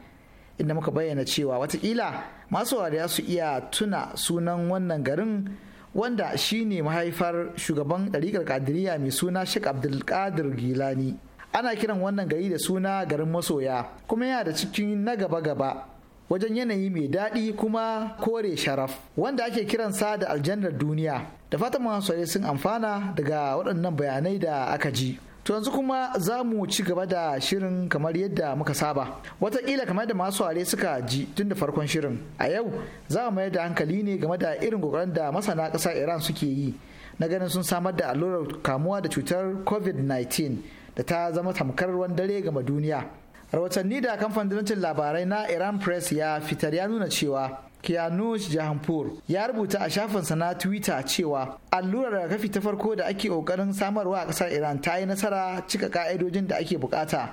[SPEAKER 2] inda muka bayyana cewa watakila masu wariya su iya tuna sunan wannan garin wanda shine mahaifar shugaban ɗariƙar kadiriya mai suna Sheikh Abdulkadir Gilani. Ana kiran wannan gari da suna garin masoya kuma yana da cikin na gaba-gaba wajen yanayi mai daɗi kuma kore sharaf wanda ake kiransa da aljannar duniya da fatan masu sun amfana daga waɗannan bayanai da aka ji. To yanzu kuma za mu ci gaba da shirin kamar yadda muka saba. Wataƙila kamar da masu ware suka ji tun da farkon shirin. A yau za mu mayar da hankali ne game da irin ƙoƙarin da masana ƙasar Iran suke yi na ganin sun samar da allurar kamuwa da cutar COVID-19 da ta zama tamkar ruwan dare game duniya. Rahotanni da kamfanin labarai na Iran Press ya fitar ya nuna cewa Kianush Jahanpur ya rubuta a shafinsa na Twitter cewa allurar rigakafi ta farko da ake kokarin samarwa a kasar Iran ta yi nasara cika ka'idojin da ake bukata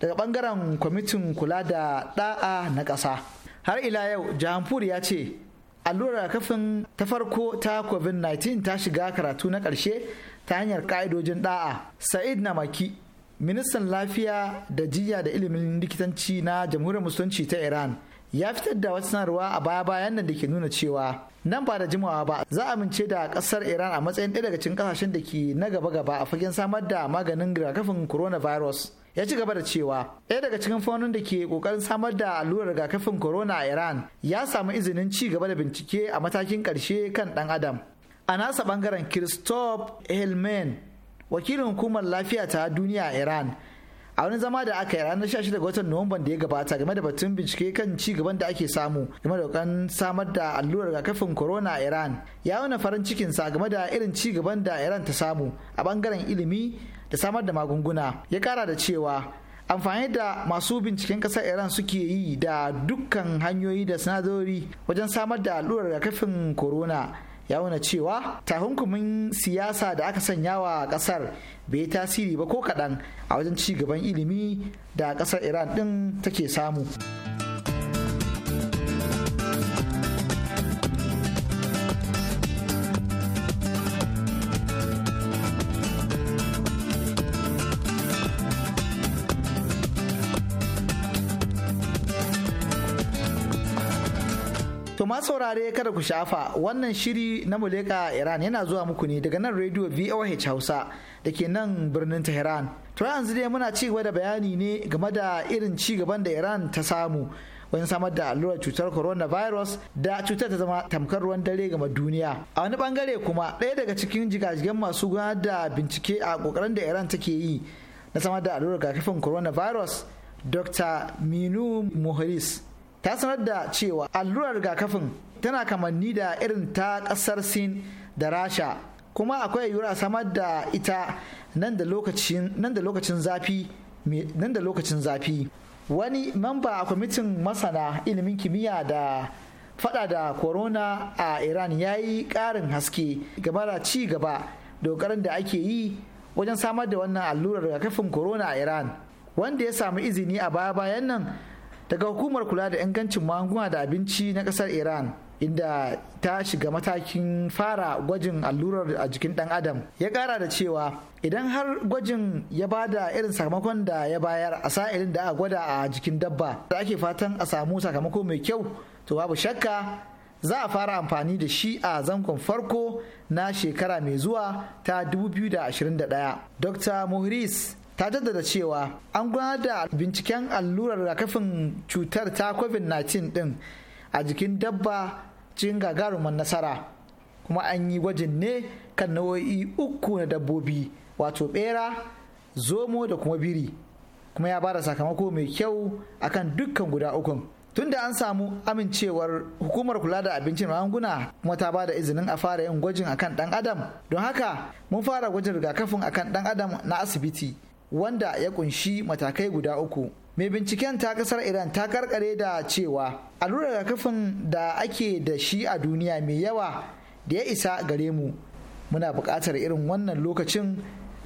[SPEAKER 2] daga bangaren kwamitin kula da da'a na ƙasa. Har ila yau Jahanpur ya ce allurar rigakafin ta farko ta COVID-19 ta shiga karatu na ƙarshe ta hanyar ka'idojin da'a. Sa'id Namaki ministan lafiya da jiya da ilimin likitanci na jamhuriyar musulunci ta Iran ya fitar da wata sanarwa a baya-bayan nan da ke nuna cewa nan ba da jimawa ba za a amince da kasar iran a matsayin ɗaya daga cikin kasashen da ke na gaba-gaba a fagen samar da maganin rigakafin coronavirus ya ci gaba da cewa ɗaya daga cikin fannin da ke ƙoƙarin samar da allurar rigakafin corona a iran ya samu izinin ci gaba da bincike a matakin ƙarshe kan ɗan adam a nasa ɓangaren christophe helmen wakilin hukumar lafiya ta duniya a iran a wani zama da aka yi ranar 16 ga watan nuwamban da ya gabata game da batun bincike kan ci gaban da ake samu game da kan samar da allurar rigakafin corona a iran ya wani farin cikin sa game da irin ci gaban da iran ta samu a bangaren ilimi da samar da magunguna ya kara da cewa amfani da masu binciken kasar iran suke yi da dukkan hanyoyi da sinadari wajen samar da allurar rigakafin corona ya wuna cewa tahunkumin siyasa da aka sanya wa kasar bai tasiri ba ko kaɗan a wajen ci gaban ilimi da kasar iran ɗin take samu. saurare kada ku shafa wannan shiri na muleka iran yana zuwa muku ne daga nan radio voh hausa da ke nan birnin tehran to yanzu dai muna ci gaba da bayani ne game da irin ci gaban da iran ta samu wajen samar da allurar cutar coronavirus da cutar ta zama tamkar ruwan dare game duniya a wani bangare kuma ɗaya daga cikin jigajigen masu gudanar da bincike a kokarin da iran take yi na samar da allurar rigakafin coronavirus dr minu muhris ta sanar da cewa allurar rigakafin tana kamanni da irin ta kasar sin da rasha kuma akwai yiwuwar samar da ita nan da lokacin zafi nan da lokacin zafi wani mamba a kwamitin masana ilimin kimiyya da fada da corona a iran ya yi karin haske game da ci gaba dogarin da ake yi wajen samar da wannan allurar rigakafin corona a iran wanda ya samu izini a baya bayan nan daga hukumar kula da ingancin magunguna da abinci na kasar iran inda ta shiga matakin fara gwajin allurar a jikin dan adam ya kara da cewa idan har gwajin ya ba da irin sakamakon da ya bayar a sa'ilin da aka gwada a jikin dabba da ake fatan a samu sakamako mai kyau to babu shakka za a fara amfani da shi a zankon farko na shekara mai zuwa ta 2021 dr mohris ta jaddada cewa an gudanar da binciken allurar rigakafin cutar ta covid-19 din a jikin dabba cikin gagarumar nasara kuma an yi gwajin ne kan nau'o'i uku na dabbobi wato bera zomo da kuma biri kuma ya bada sakamako mai kyau akan dukkan guda ukun tunda an samu amincewar hukumar kula da abincin magunguna kuma ta bada izinin a fara yin gwajin akan dan adam don haka mun fara gwajin rigakafin akan dan adam na asibiti wanda ya kunshi matakai guda uku mai binciken ta kasar iran ta karkare da cewa allurar rigakafin da ake da shi a duniya mai yawa da ya isa gare mu muna buƙatar irin wannan lokacin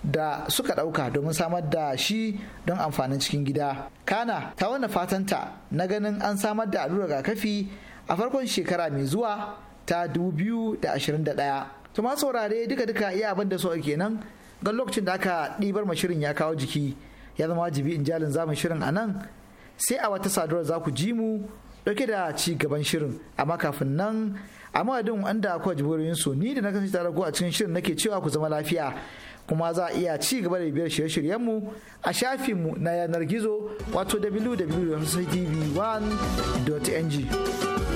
[SPEAKER 2] da suka ɗauka domin samar da shi don amfanin cikin gida. Kana ta wani fatanta na ganin an samar da allurar rigakafi a farkon shekara mai zuwa ta 2021. Tuma saurare duka-duka iya abin da so kenan don lokacin da aka ɗibar ma shirin ya kawo jiki ya zama wajibi in jalin zamu shirin a nan sai a wata saduwar za ku ji mu ɗauke da ci gaban shirin amma kafin nan a madadin wanda kuwa jiburin su ni da na kasance tare a cikin shirin nake cewa ku zama lafiya kuma za a iya ci gaba da bibiyar shirye-shiryenmu a shafinmu na yanar gizo wato www.tv1.ng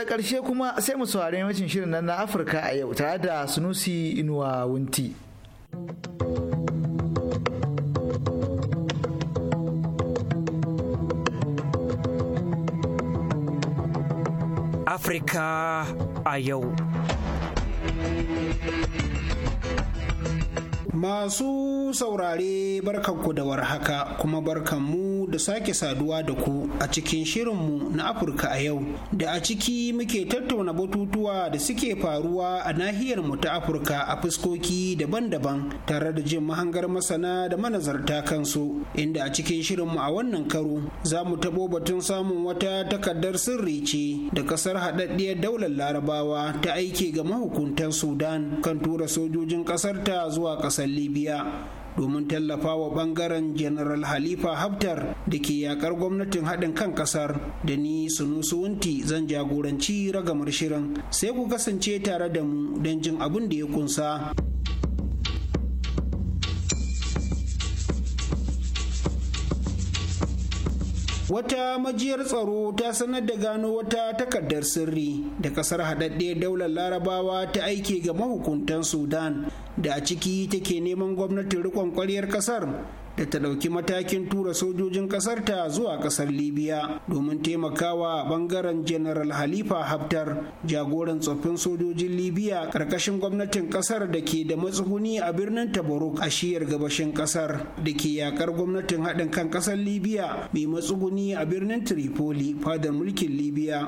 [SPEAKER 2] da ƙarshe kuma sai mu saurari yammacin shirin nan na Afirka a yau tare da Sunusi Inuwa Wunti.
[SPEAKER 5] Afirka a yau.
[SPEAKER 7] Masu saurare barkanku da warhaka kuma barkanmu da sake saduwa da ku a cikin shirinmu na Afirka a yau da a ciki muke tattauna batutuwa da suke faruwa a nahiyar mu ta Afirka a fuskoki daban-daban tare da jin mahangar masana da manazarta kansu inda a cikin shirinmu a wannan karo za mu taɓo batun samun wata takardar sirri ce da kasar haɗaɗɗiyar daular larabawa ta aiki ga mahukuntan Sudan kan tura sojojin ƙasarta zuwa ƙasar Libya. domin tallafa wa bangaren general halifa haftar da ke yakar gwamnatin haɗin kan ƙasar da ni sunusu wunti zan jagoranci ragamar shirin sai ku kasance tare da mu don jin abin da ya kunsa. wata majiyar tsaro ta sanar da gano wata takardar sirri da kasar haɗaɗɗe daular larabawa ta aiki ga mahukuntan sudan da a ciki take neman gwamnatin rikon kwaryar kasar da ta ɗauki matakin tura sojojin ƙasarta ta zuwa ƙasar libya domin taimakawa bangaren general halifa haftar jagoran tsoffin sojojin libya ƙarƙashin gwamnatin ƙasar da ke da matsuguni a birnin tabaruk a shiyar gabashin ƙasar da ke yakar gwamnatin haɗin kan ƙasar libya mai matsuguni a birnin tripoli fadar mulkin libya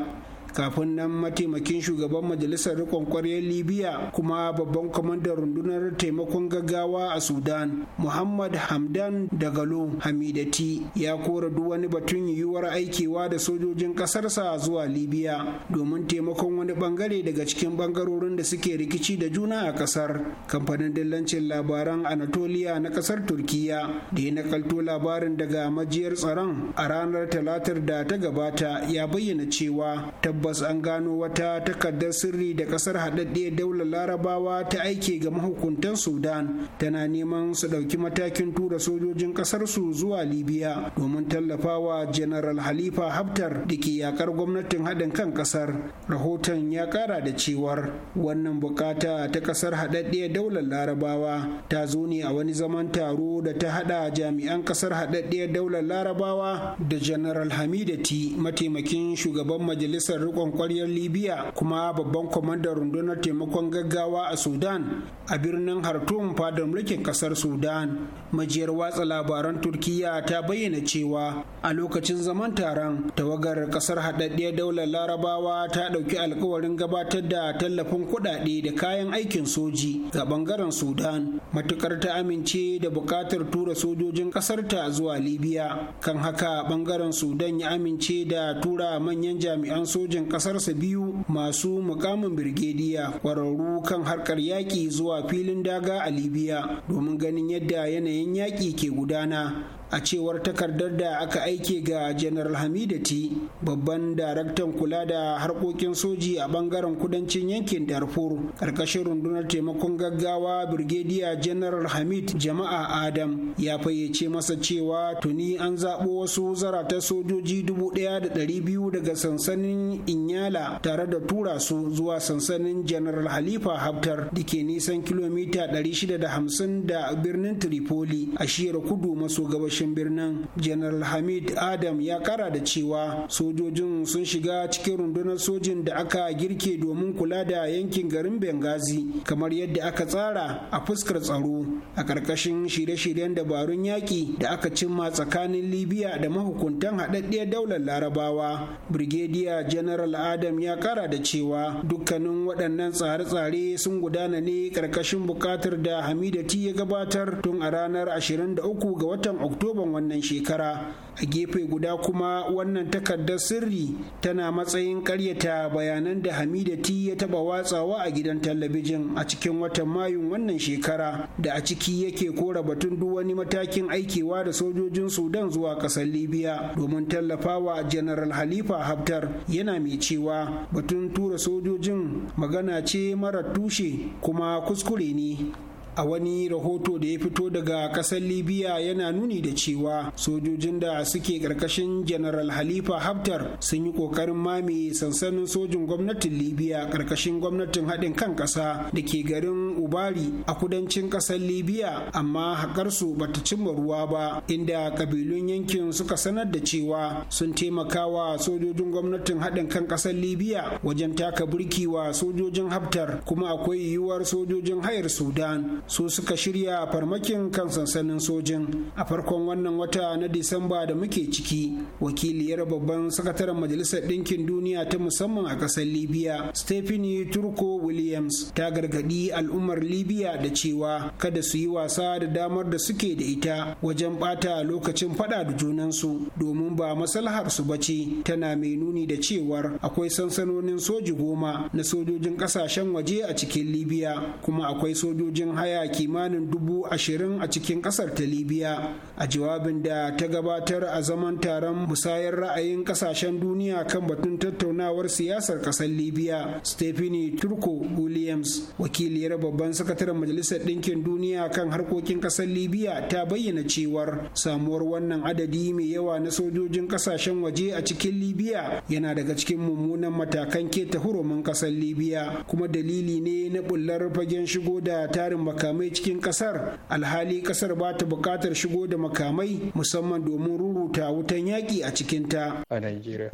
[SPEAKER 7] kafin nan mataimakin shugaban majalisar rikon kwaryar libya kuma babban kwamandan rundunar taimakon gaggawa a sudan muhammad hamdan dagalo hamidati ya kora duk wani batun yiwuwar aikewa da sojojin kasarsa zuwa libya domin taimakon wani bangare daga cikin bangarorin da suke rikici da juna a kasar kamfanin dillancin labaran anatolia na kasar turkiya da ya nakalto labarin daga majiyar tsaron a ranar talatar da ta gabata ya bayyana cewa tabbas an gano wata takardar sirri da kasar haɗaɗɗiyar daular larabawa ta aike ga mahukuntan sudan tana neman su ɗauki matakin tura sojojin kasar su zuwa libya domin tallafawa general halifa haftar da ke yakar gwamnatin haɗin kan kasar rahoton ya ƙara da cewar wannan bukata ta kasar haɗaɗɗiyar daular larabawa ta zo ne a wani zaman taro da ta haɗa jami'an kasar haɗaɗɗiyar daular larabawa da general hamidati mataimakin shugaban majalisar rikon ƙwaryar libya kuma babban kwamandan rundunar taimakon gaggawa a sudan a birnin hartum fadar mulkin ƙasar sudan majiyar watsa labaran turkiya ta bayyana cewa a lokacin zaman taron tawagar ƙasar haɗaɗɗiyar daular larabawa ta ɗauki alkawarin gabatar da tallafin kuɗaɗe da kayan aikin soji ga ɓangaren sudan matuƙar ta amince da buƙatar tura sojojin ƙasarta zuwa libya kan haka ɓangaren sudan ya amince da tura manyan jami'an sojin sojin ƙasarsa biyu masu mukamin birgediya kwararru kan harkar yaƙi zuwa filin daga a libya domin ganin yadda yanayin yaƙi ke gudana a cewar takardar da aka aike ga general hamidati babban daraktan kula da harkokin soji a bangaren kudancin yankin darfur karkashin rundunar taimakon gaggawa birgediya Janaral hamid jama'a adam ya fayyace masa cewa tuni an zaɓo wasu zarata sojoji dubu ɗaya da ɗari biyu daga sansanin inyala tare da tura su zuwa sansanin Janaral halifa haftar da ke nisan kilomita 650 da birnin tripoli a shiyar kudu maso gabashin gabashin birnin general hamid adam ya kara da cewa sojojin sun shiga cikin rundunar sojin da aka girke domin kula da yankin garin bengazi kamar yadda aka tsara a fuskar tsaro a ƙarƙashin shirye-shiryen dabarun yaƙi da aka cimma tsakanin libya da mahukuntan haɗaɗɗiyar daular larabawa brigadier general adam ya kara da cewa dukkanin waɗannan tsare-tsare sun gudana ne ƙarƙashin buƙatar da hamidati ya gabatar tun a ranar 23 ga watan oktoba oktoban wannan shekara a gefe guda kuma wannan takardar sirri tana matsayin karyata bayanan da hamidati ya taɓa watsawa a gidan talabijin a cikin watan mayun wannan shekara da a ciki yake kora batun duk wani matakin aikewa da sojojin sudan zuwa kasar libya domin tallafawa general halifa haftar yana mai cewa batun tura sojojin magana ce mara tushe kuma kuskure ne a wani rahoto da ya fito daga kasar libya yana nuni da cewa sojojin da suke karkashin general halifa haftar sun yi ƙoƙarin mame sansanin sojin gwamnatin libya karkashin gwamnatin haɗin kan ƙasa da ke garin ubari a kudancin ƙasar libya amma haƙarsu ba ta cimma ruwa ba inda ƙabilun yankin suka sanar da cewa sun taimakawa sojojin gwamnatin haɗin kan ƙasar libya wajen taka burki wa sojojin haftar kuma akwai yiwuwar sojojin hayar sudan su suka shirya farmakin kan sansanin sojin a farkon wannan wata na disamba da muke ciki wakiliyar babban sakataren majalisar ɗinkin duniya ta musamman a ƙasar libya stephanie turko williams ta gargaɗi al'ummar libya da cewa kada su yi wasa da damar da suke da ita wajen ɓata lokacin faɗa da junansu domin ba maslahar su ce tana mai nuni da cewar akwai sansanonin soji goma na sojojin ƙasashen waje a cikin libya kuma akwai sojojin haya mayaya kimanin dubu ashirin a cikin kasar ta libya a jawabin da ta gabatar a zaman taron musayar ra'ayin kasashen duniya kan batun tattaunawar siyasar kasar libya stephanie turko williams wakiliyar babban sakataren majalisar ɗinkin duniya kan harkokin kasar libya ta bayyana cewar samuwar wannan adadi mai yawa na sojojin kasashen waje a cikin libya yana daga cikin mummunan matakan keta hurumin kasar libya kuma dalili ne na bullar fagen shigo da tarin makamai cikin kasar alhali kasar ba ta buƙatar shigo da makamai musamman domin ruruta wutan yaƙi a cikinta a Najeriya.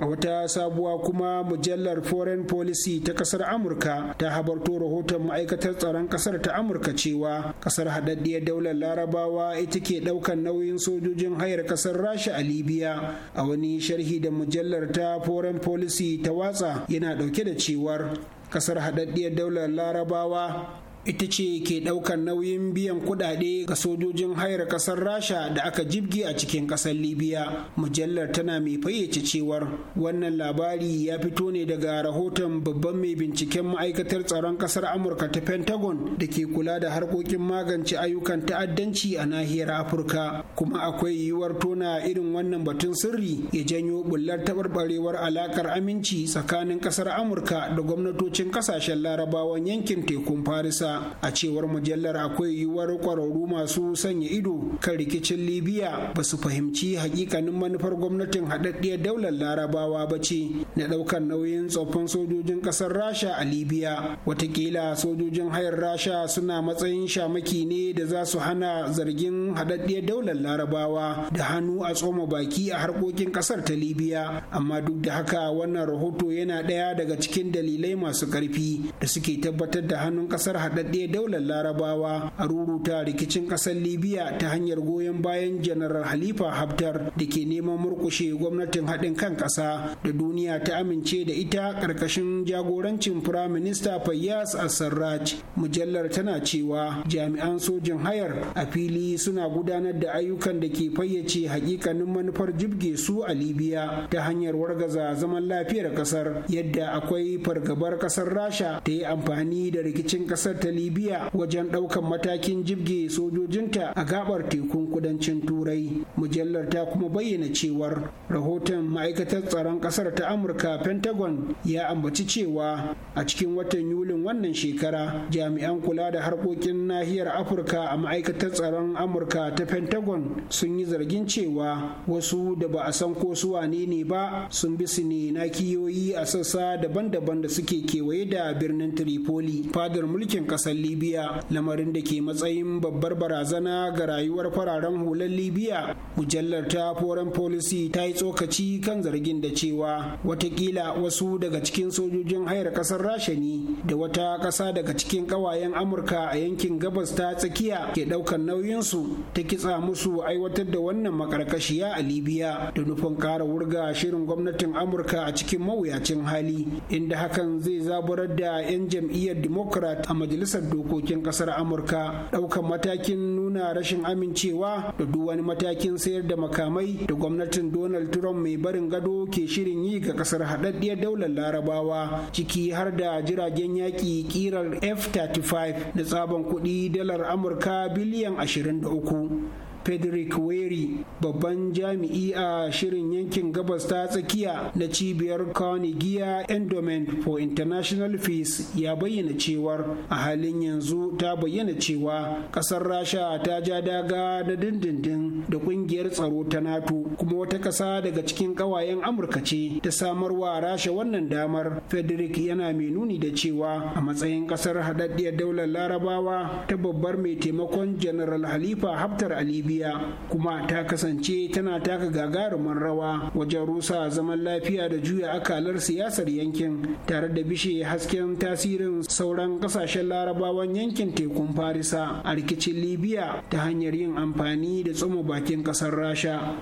[SPEAKER 7] a wata sabuwa kuma mujallar foreign policy ta kasar amurka ta habarto rahoton ma'aikatar tsaron kasar ta amurka cewa kasar haɗaɗɗiyar daular larabawa ita ke ɗaukan nauyin sojojin hayar kasar rasha a libya a wani sharhi da mujallar ta foreign policy ta watsa yana ɗauke da cewar kasar haɗaɗɗiyar daular larabawa ita ce ke ɗaukar nauyin biyan kuɗaɗe ga sojojin hayar ƙasar rasha da aka jibge a cikin ƙasar libya mujallar tana mai fayyace cewar wannan labari ya fito ne daga rahoton babban mai binciken ma'aikatar tsaron ƙasar amurka ta pentagon da ke kula da harkokin magance ayyukan ta'addanci a nahiyar afirka kuma akwai yiwuwar tona irin wannan batun sirri ya janyo bullar taɓarɓarewar alakar aminci tsakanin ƙasar amurka da gwamnatocin ƙasashen larabawan yankin tekun farisa a cewar mujallar akwai yiwuwar kwararru masu sanya ido kan rikicin libya ba su fahimci hakikanin manufar gwamnatin haɗaɗɗiyar daular larabawa ba ce na ɗaukar nauyin tsoffin sojojin ƙasar rasha a libya watakila sojojin hayar rasha suna matsayin shamaki ne da za su hana zargin haɗaɗɗiyar daular larabawa da hannu a tsoma baki a harkokin ƙasar ta libya amma duk da haka wannan rahoto yana ɗaya daga cikin dalilai masu ƙarfi da suke tabbatar da hannun ƙasar haɗaɗɗiyar haɗaɗɗe daular larabawa a ruruta rikicin ƙasar libya ta hanyar goyon bayan janaral halifa haftar da ke neman murƙushe gwamnatin haɗin kan ƙasa da duniya ta amince da ita ƙarƙashin jagorancin firaminista fayyas assarraj mujallar tana cewa jami'an sojin hayar a fili suna gudanar da ayyukan da ke fayyace hakikanin manufar jibge su a libya ta hanyar wargaza zaman lafiyar ƙasar yadda akwai fargabar ƙasar rasha ta yi amfani da rikicin ƙasar ta ta libya wajen ɗaukan matakin jibge sojojinta a gabar tekun kudancin turai mujallar ta kuma bayyana cewar rahoton ma'aikatar tsaron ƙasar ta amurka pentagon ya ambaci cewa a cikin watan yulin wannan shekara jami'an kula da harkokin nahiyar afirka a ma'aikatar tsaron amurka ta pentagon sun yi zargin cewa wasu da ba a san ko su wane ne ba sun bi su ne na kiyoyi a sassa daban-daban da suke kewaye da birnin tripoli fadar mulkin ƙasar ƙasar libya lamarin da ke matsayin babbar barazana ga rayuwar fararen hular libya mujallar ta foreign policy ta yi tsokaci kan zargin da cewa watakila wasu daga cikin sojojin hayar ƙasar rasha ne da wata ƙasa daga cikin ƙawayen amurka a yankin gabas ta tsakiya ke ɗaukar nauyinsu ta kitsa musu aiwatar da wannan makarkashiya a libya da nufin ƙara wurga shirin gwamnatin amurka a cikin mawuyacin hali inda hakan zai zaburar da 'yan jam'iyyar democrat a majalisar majalisar dokokin kasar amurka ɗaukan matakin nuna rashin amincewa da duk wani matakin sayar da makamai da gwamnatin donald trump mai barin gado ke shirin yi ga kasar haɗaɗɗiyar daular larabawa ciki har da jiragen yaƙi ƙirar f-35 da tsaban kuɗi dalar amurka biliyan 23 frederick weri babban jami'i a shirin yankin gabas ta tsakiya na cibiyar carnegie endowment for international peace ya bayyana cewar a halin yanzu ta bayyana cewa kasar rasha ta ja daga da dindindin da kungiyar tsaro ta nato kuma wata kasa daga cikin kawayen amurka ce ta samarwa rasha wannan damar frederick yana mai nuni da cewa a matsayin kasar haɗaɗɗiyar daular larabawa ta babbar mai taimakon general halifa haftar alibi siriya kuma ta kasance tana taka gagarumin rawa wajen rusa zaman lafiya da juya akalar siyasar yankin tare da bishe hasken tasirin sauran kasashen larabawan yankin tekun farisa a rikicin libya ta hanyar yin amfani da tsoma bakin kasar rasha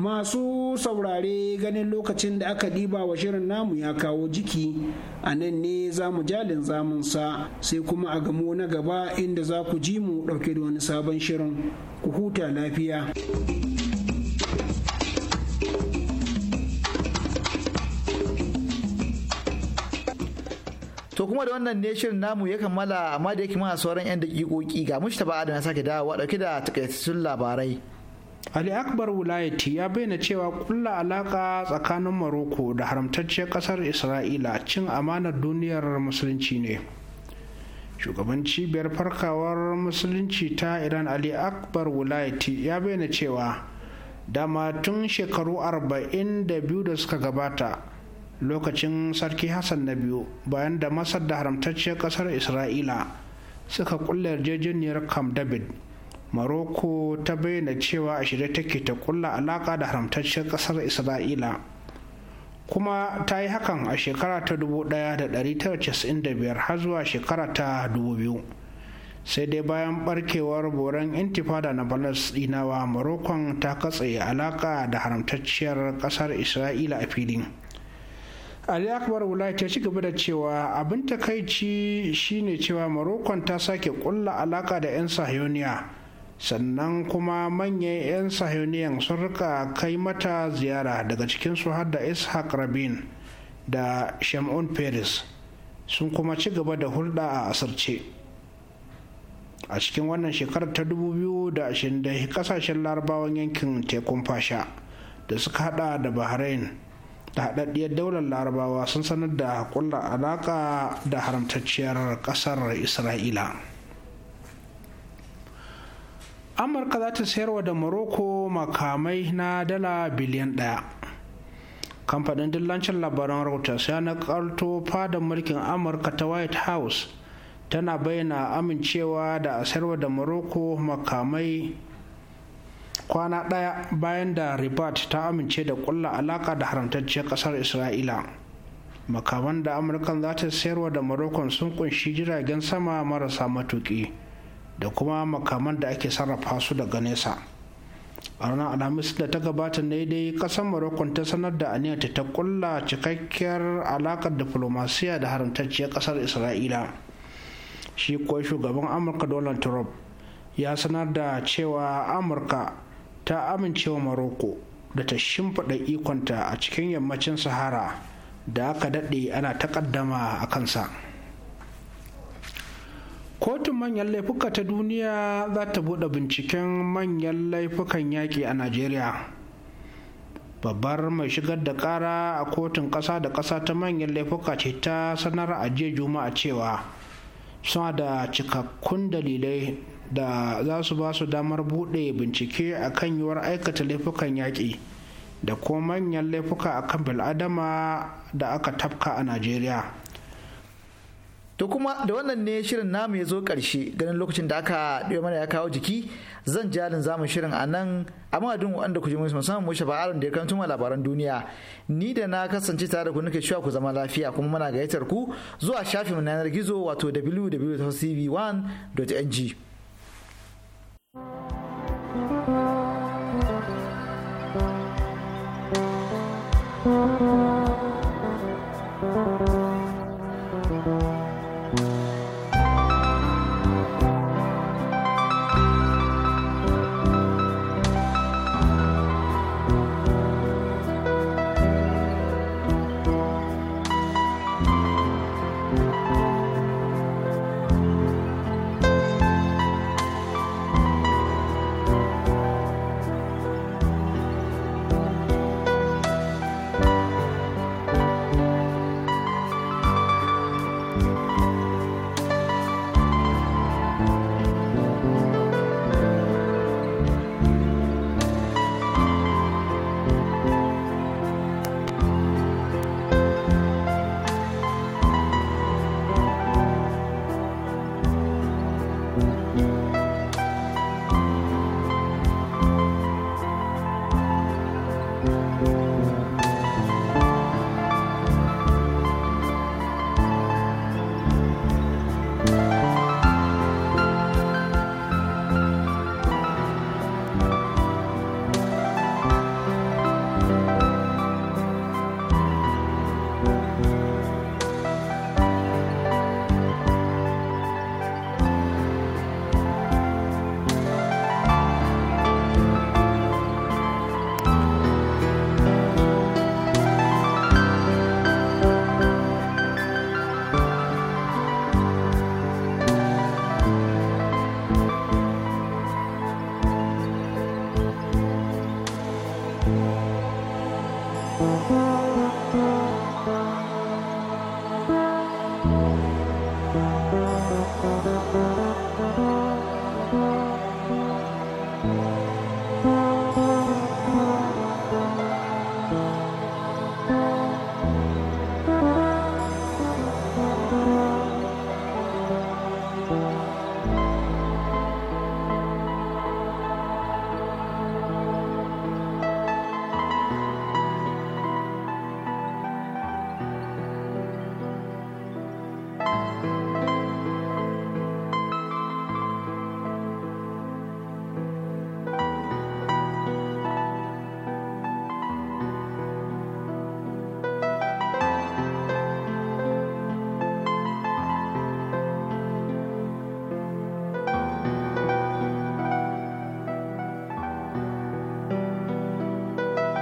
[SPEAKER 7] masu saurare ganin lokacin da aka ɗiba wa shirin namu ya kawo jiki a nan ne za mu jalin zamunsa sai kuma a gamo na gaba inda za ku ji mu ɗauke da wani sabon shirin ku huta lafiya.
[SPEAKER 2] to kuma da wannan ne shirin namu ya kammala amma da yake mana sauran 'yan dakikoki ga mushi ta ba'a da na sake dawowa dauke da takaitattun labarai ali akbar wulayati ya bayyana cewa
[SPEAKER 4] kulla alaka tsakanin maroko da haramtacciyar ƙasar isra'ila cin amanar duniyar musulunci ne shugaban cibiyar farkawar musulunci ta iran ali akbar wulayati ya bayyana cewa dama tun shekaru 42 da suka gabata lokacin sarki hassan na biyu bayan da masar da haramtacciyar ƙasar isra'ila suka kulla yarjejeniyar camp david maroko ta bayyana cewa a shirye take ta kulla alaka da haramtacciyar kasar isra'ila kuma ta yi hakan a shekara ta 1995 har zuwa shekara ta 2000 sai dai bayan barkewar boran intifada na Falasɗinawa, marokon ta katse alaka da haramtacciyar kasar isra'ila a filin ali akbar wulai ta ci gaba da cewa abin takaici shine cewa marokon ta sake kulla alaka da 'yan sahiyoniya sannan kuma manyan 'yan sahiyoniyan sun rika kai mata ziyara daga cikinsu har da ishaq rabin da shamun Peris sun kuma ci gaba da hulɗa a asirce a cikin wannan shekarar ta 2020 da ashirin kasashen larabawan yankin tekun fasha da suka hada da bahrain da haɗaɗɗiyar daular larabawa sun sanar da kulla alaƙa da haramtacciyar ƙasar isra'ila amurka za ta sayarwa da morocco makamai na dala biliyan ɗaya kamfanin dillancin labaran reuters ya na karto fadar mulkin amurka ta white house tana bayyana amincewa da a sayarwa da morocco makamai kwana ɗaya bayan da ribat ta amince da kulla alaka da haramtacciyar ƙasar isra'ila makaman da amurkan za ta sayarwa da morocco sun kunshi jiragen sama marasa matuki. da kuma makaman da ake sarrafa su daga nesa a ranar alhamis da ta gabata ne dai kasar morocco ta sanar da aniyarta ta kulla cikakkiyar alakar diplomasiya da haramtacciyar kasar isra'ila shi ko shugaban amurka donald trump ya sanar da cewa amurka ta amincewa morocco da ta shimfiɗa ikonta a cikin yammacin sahara da aka daɗe ana takaddama a kansa. kotun manyan laifuka ta duniya za ta buɗe binciken manyan laifukan yaƙi a najeriya babbar mai shigar da ƙara a kotun ƙasa da ƙasa ta manyan laifuka ce ta sanar a jiya juma'a cewa suna da cikakkun dalilai da za su ba su damar buɗe bincike a kan yiwuwar aikata laifukan yaƙi da kuma manyan laifuka a kan bil'adama da aka tafka a najeriya
[SPEAKER 2] To kuma da wannan ne shirin namu ya zo ƙarshe ganin lokacin da aka ɗaya mana ya kawo jiki zan jalin zamun shirin a nan a madadin waɗanda ku ji musu musamman mu shafa da ya kantuma labaran duniya ni da na kasance tare da ku nake shuwa ku zama lafiya kuma muna gayyatar ku zuwa shafin mu na yanar gizo wato wwwcv 1ng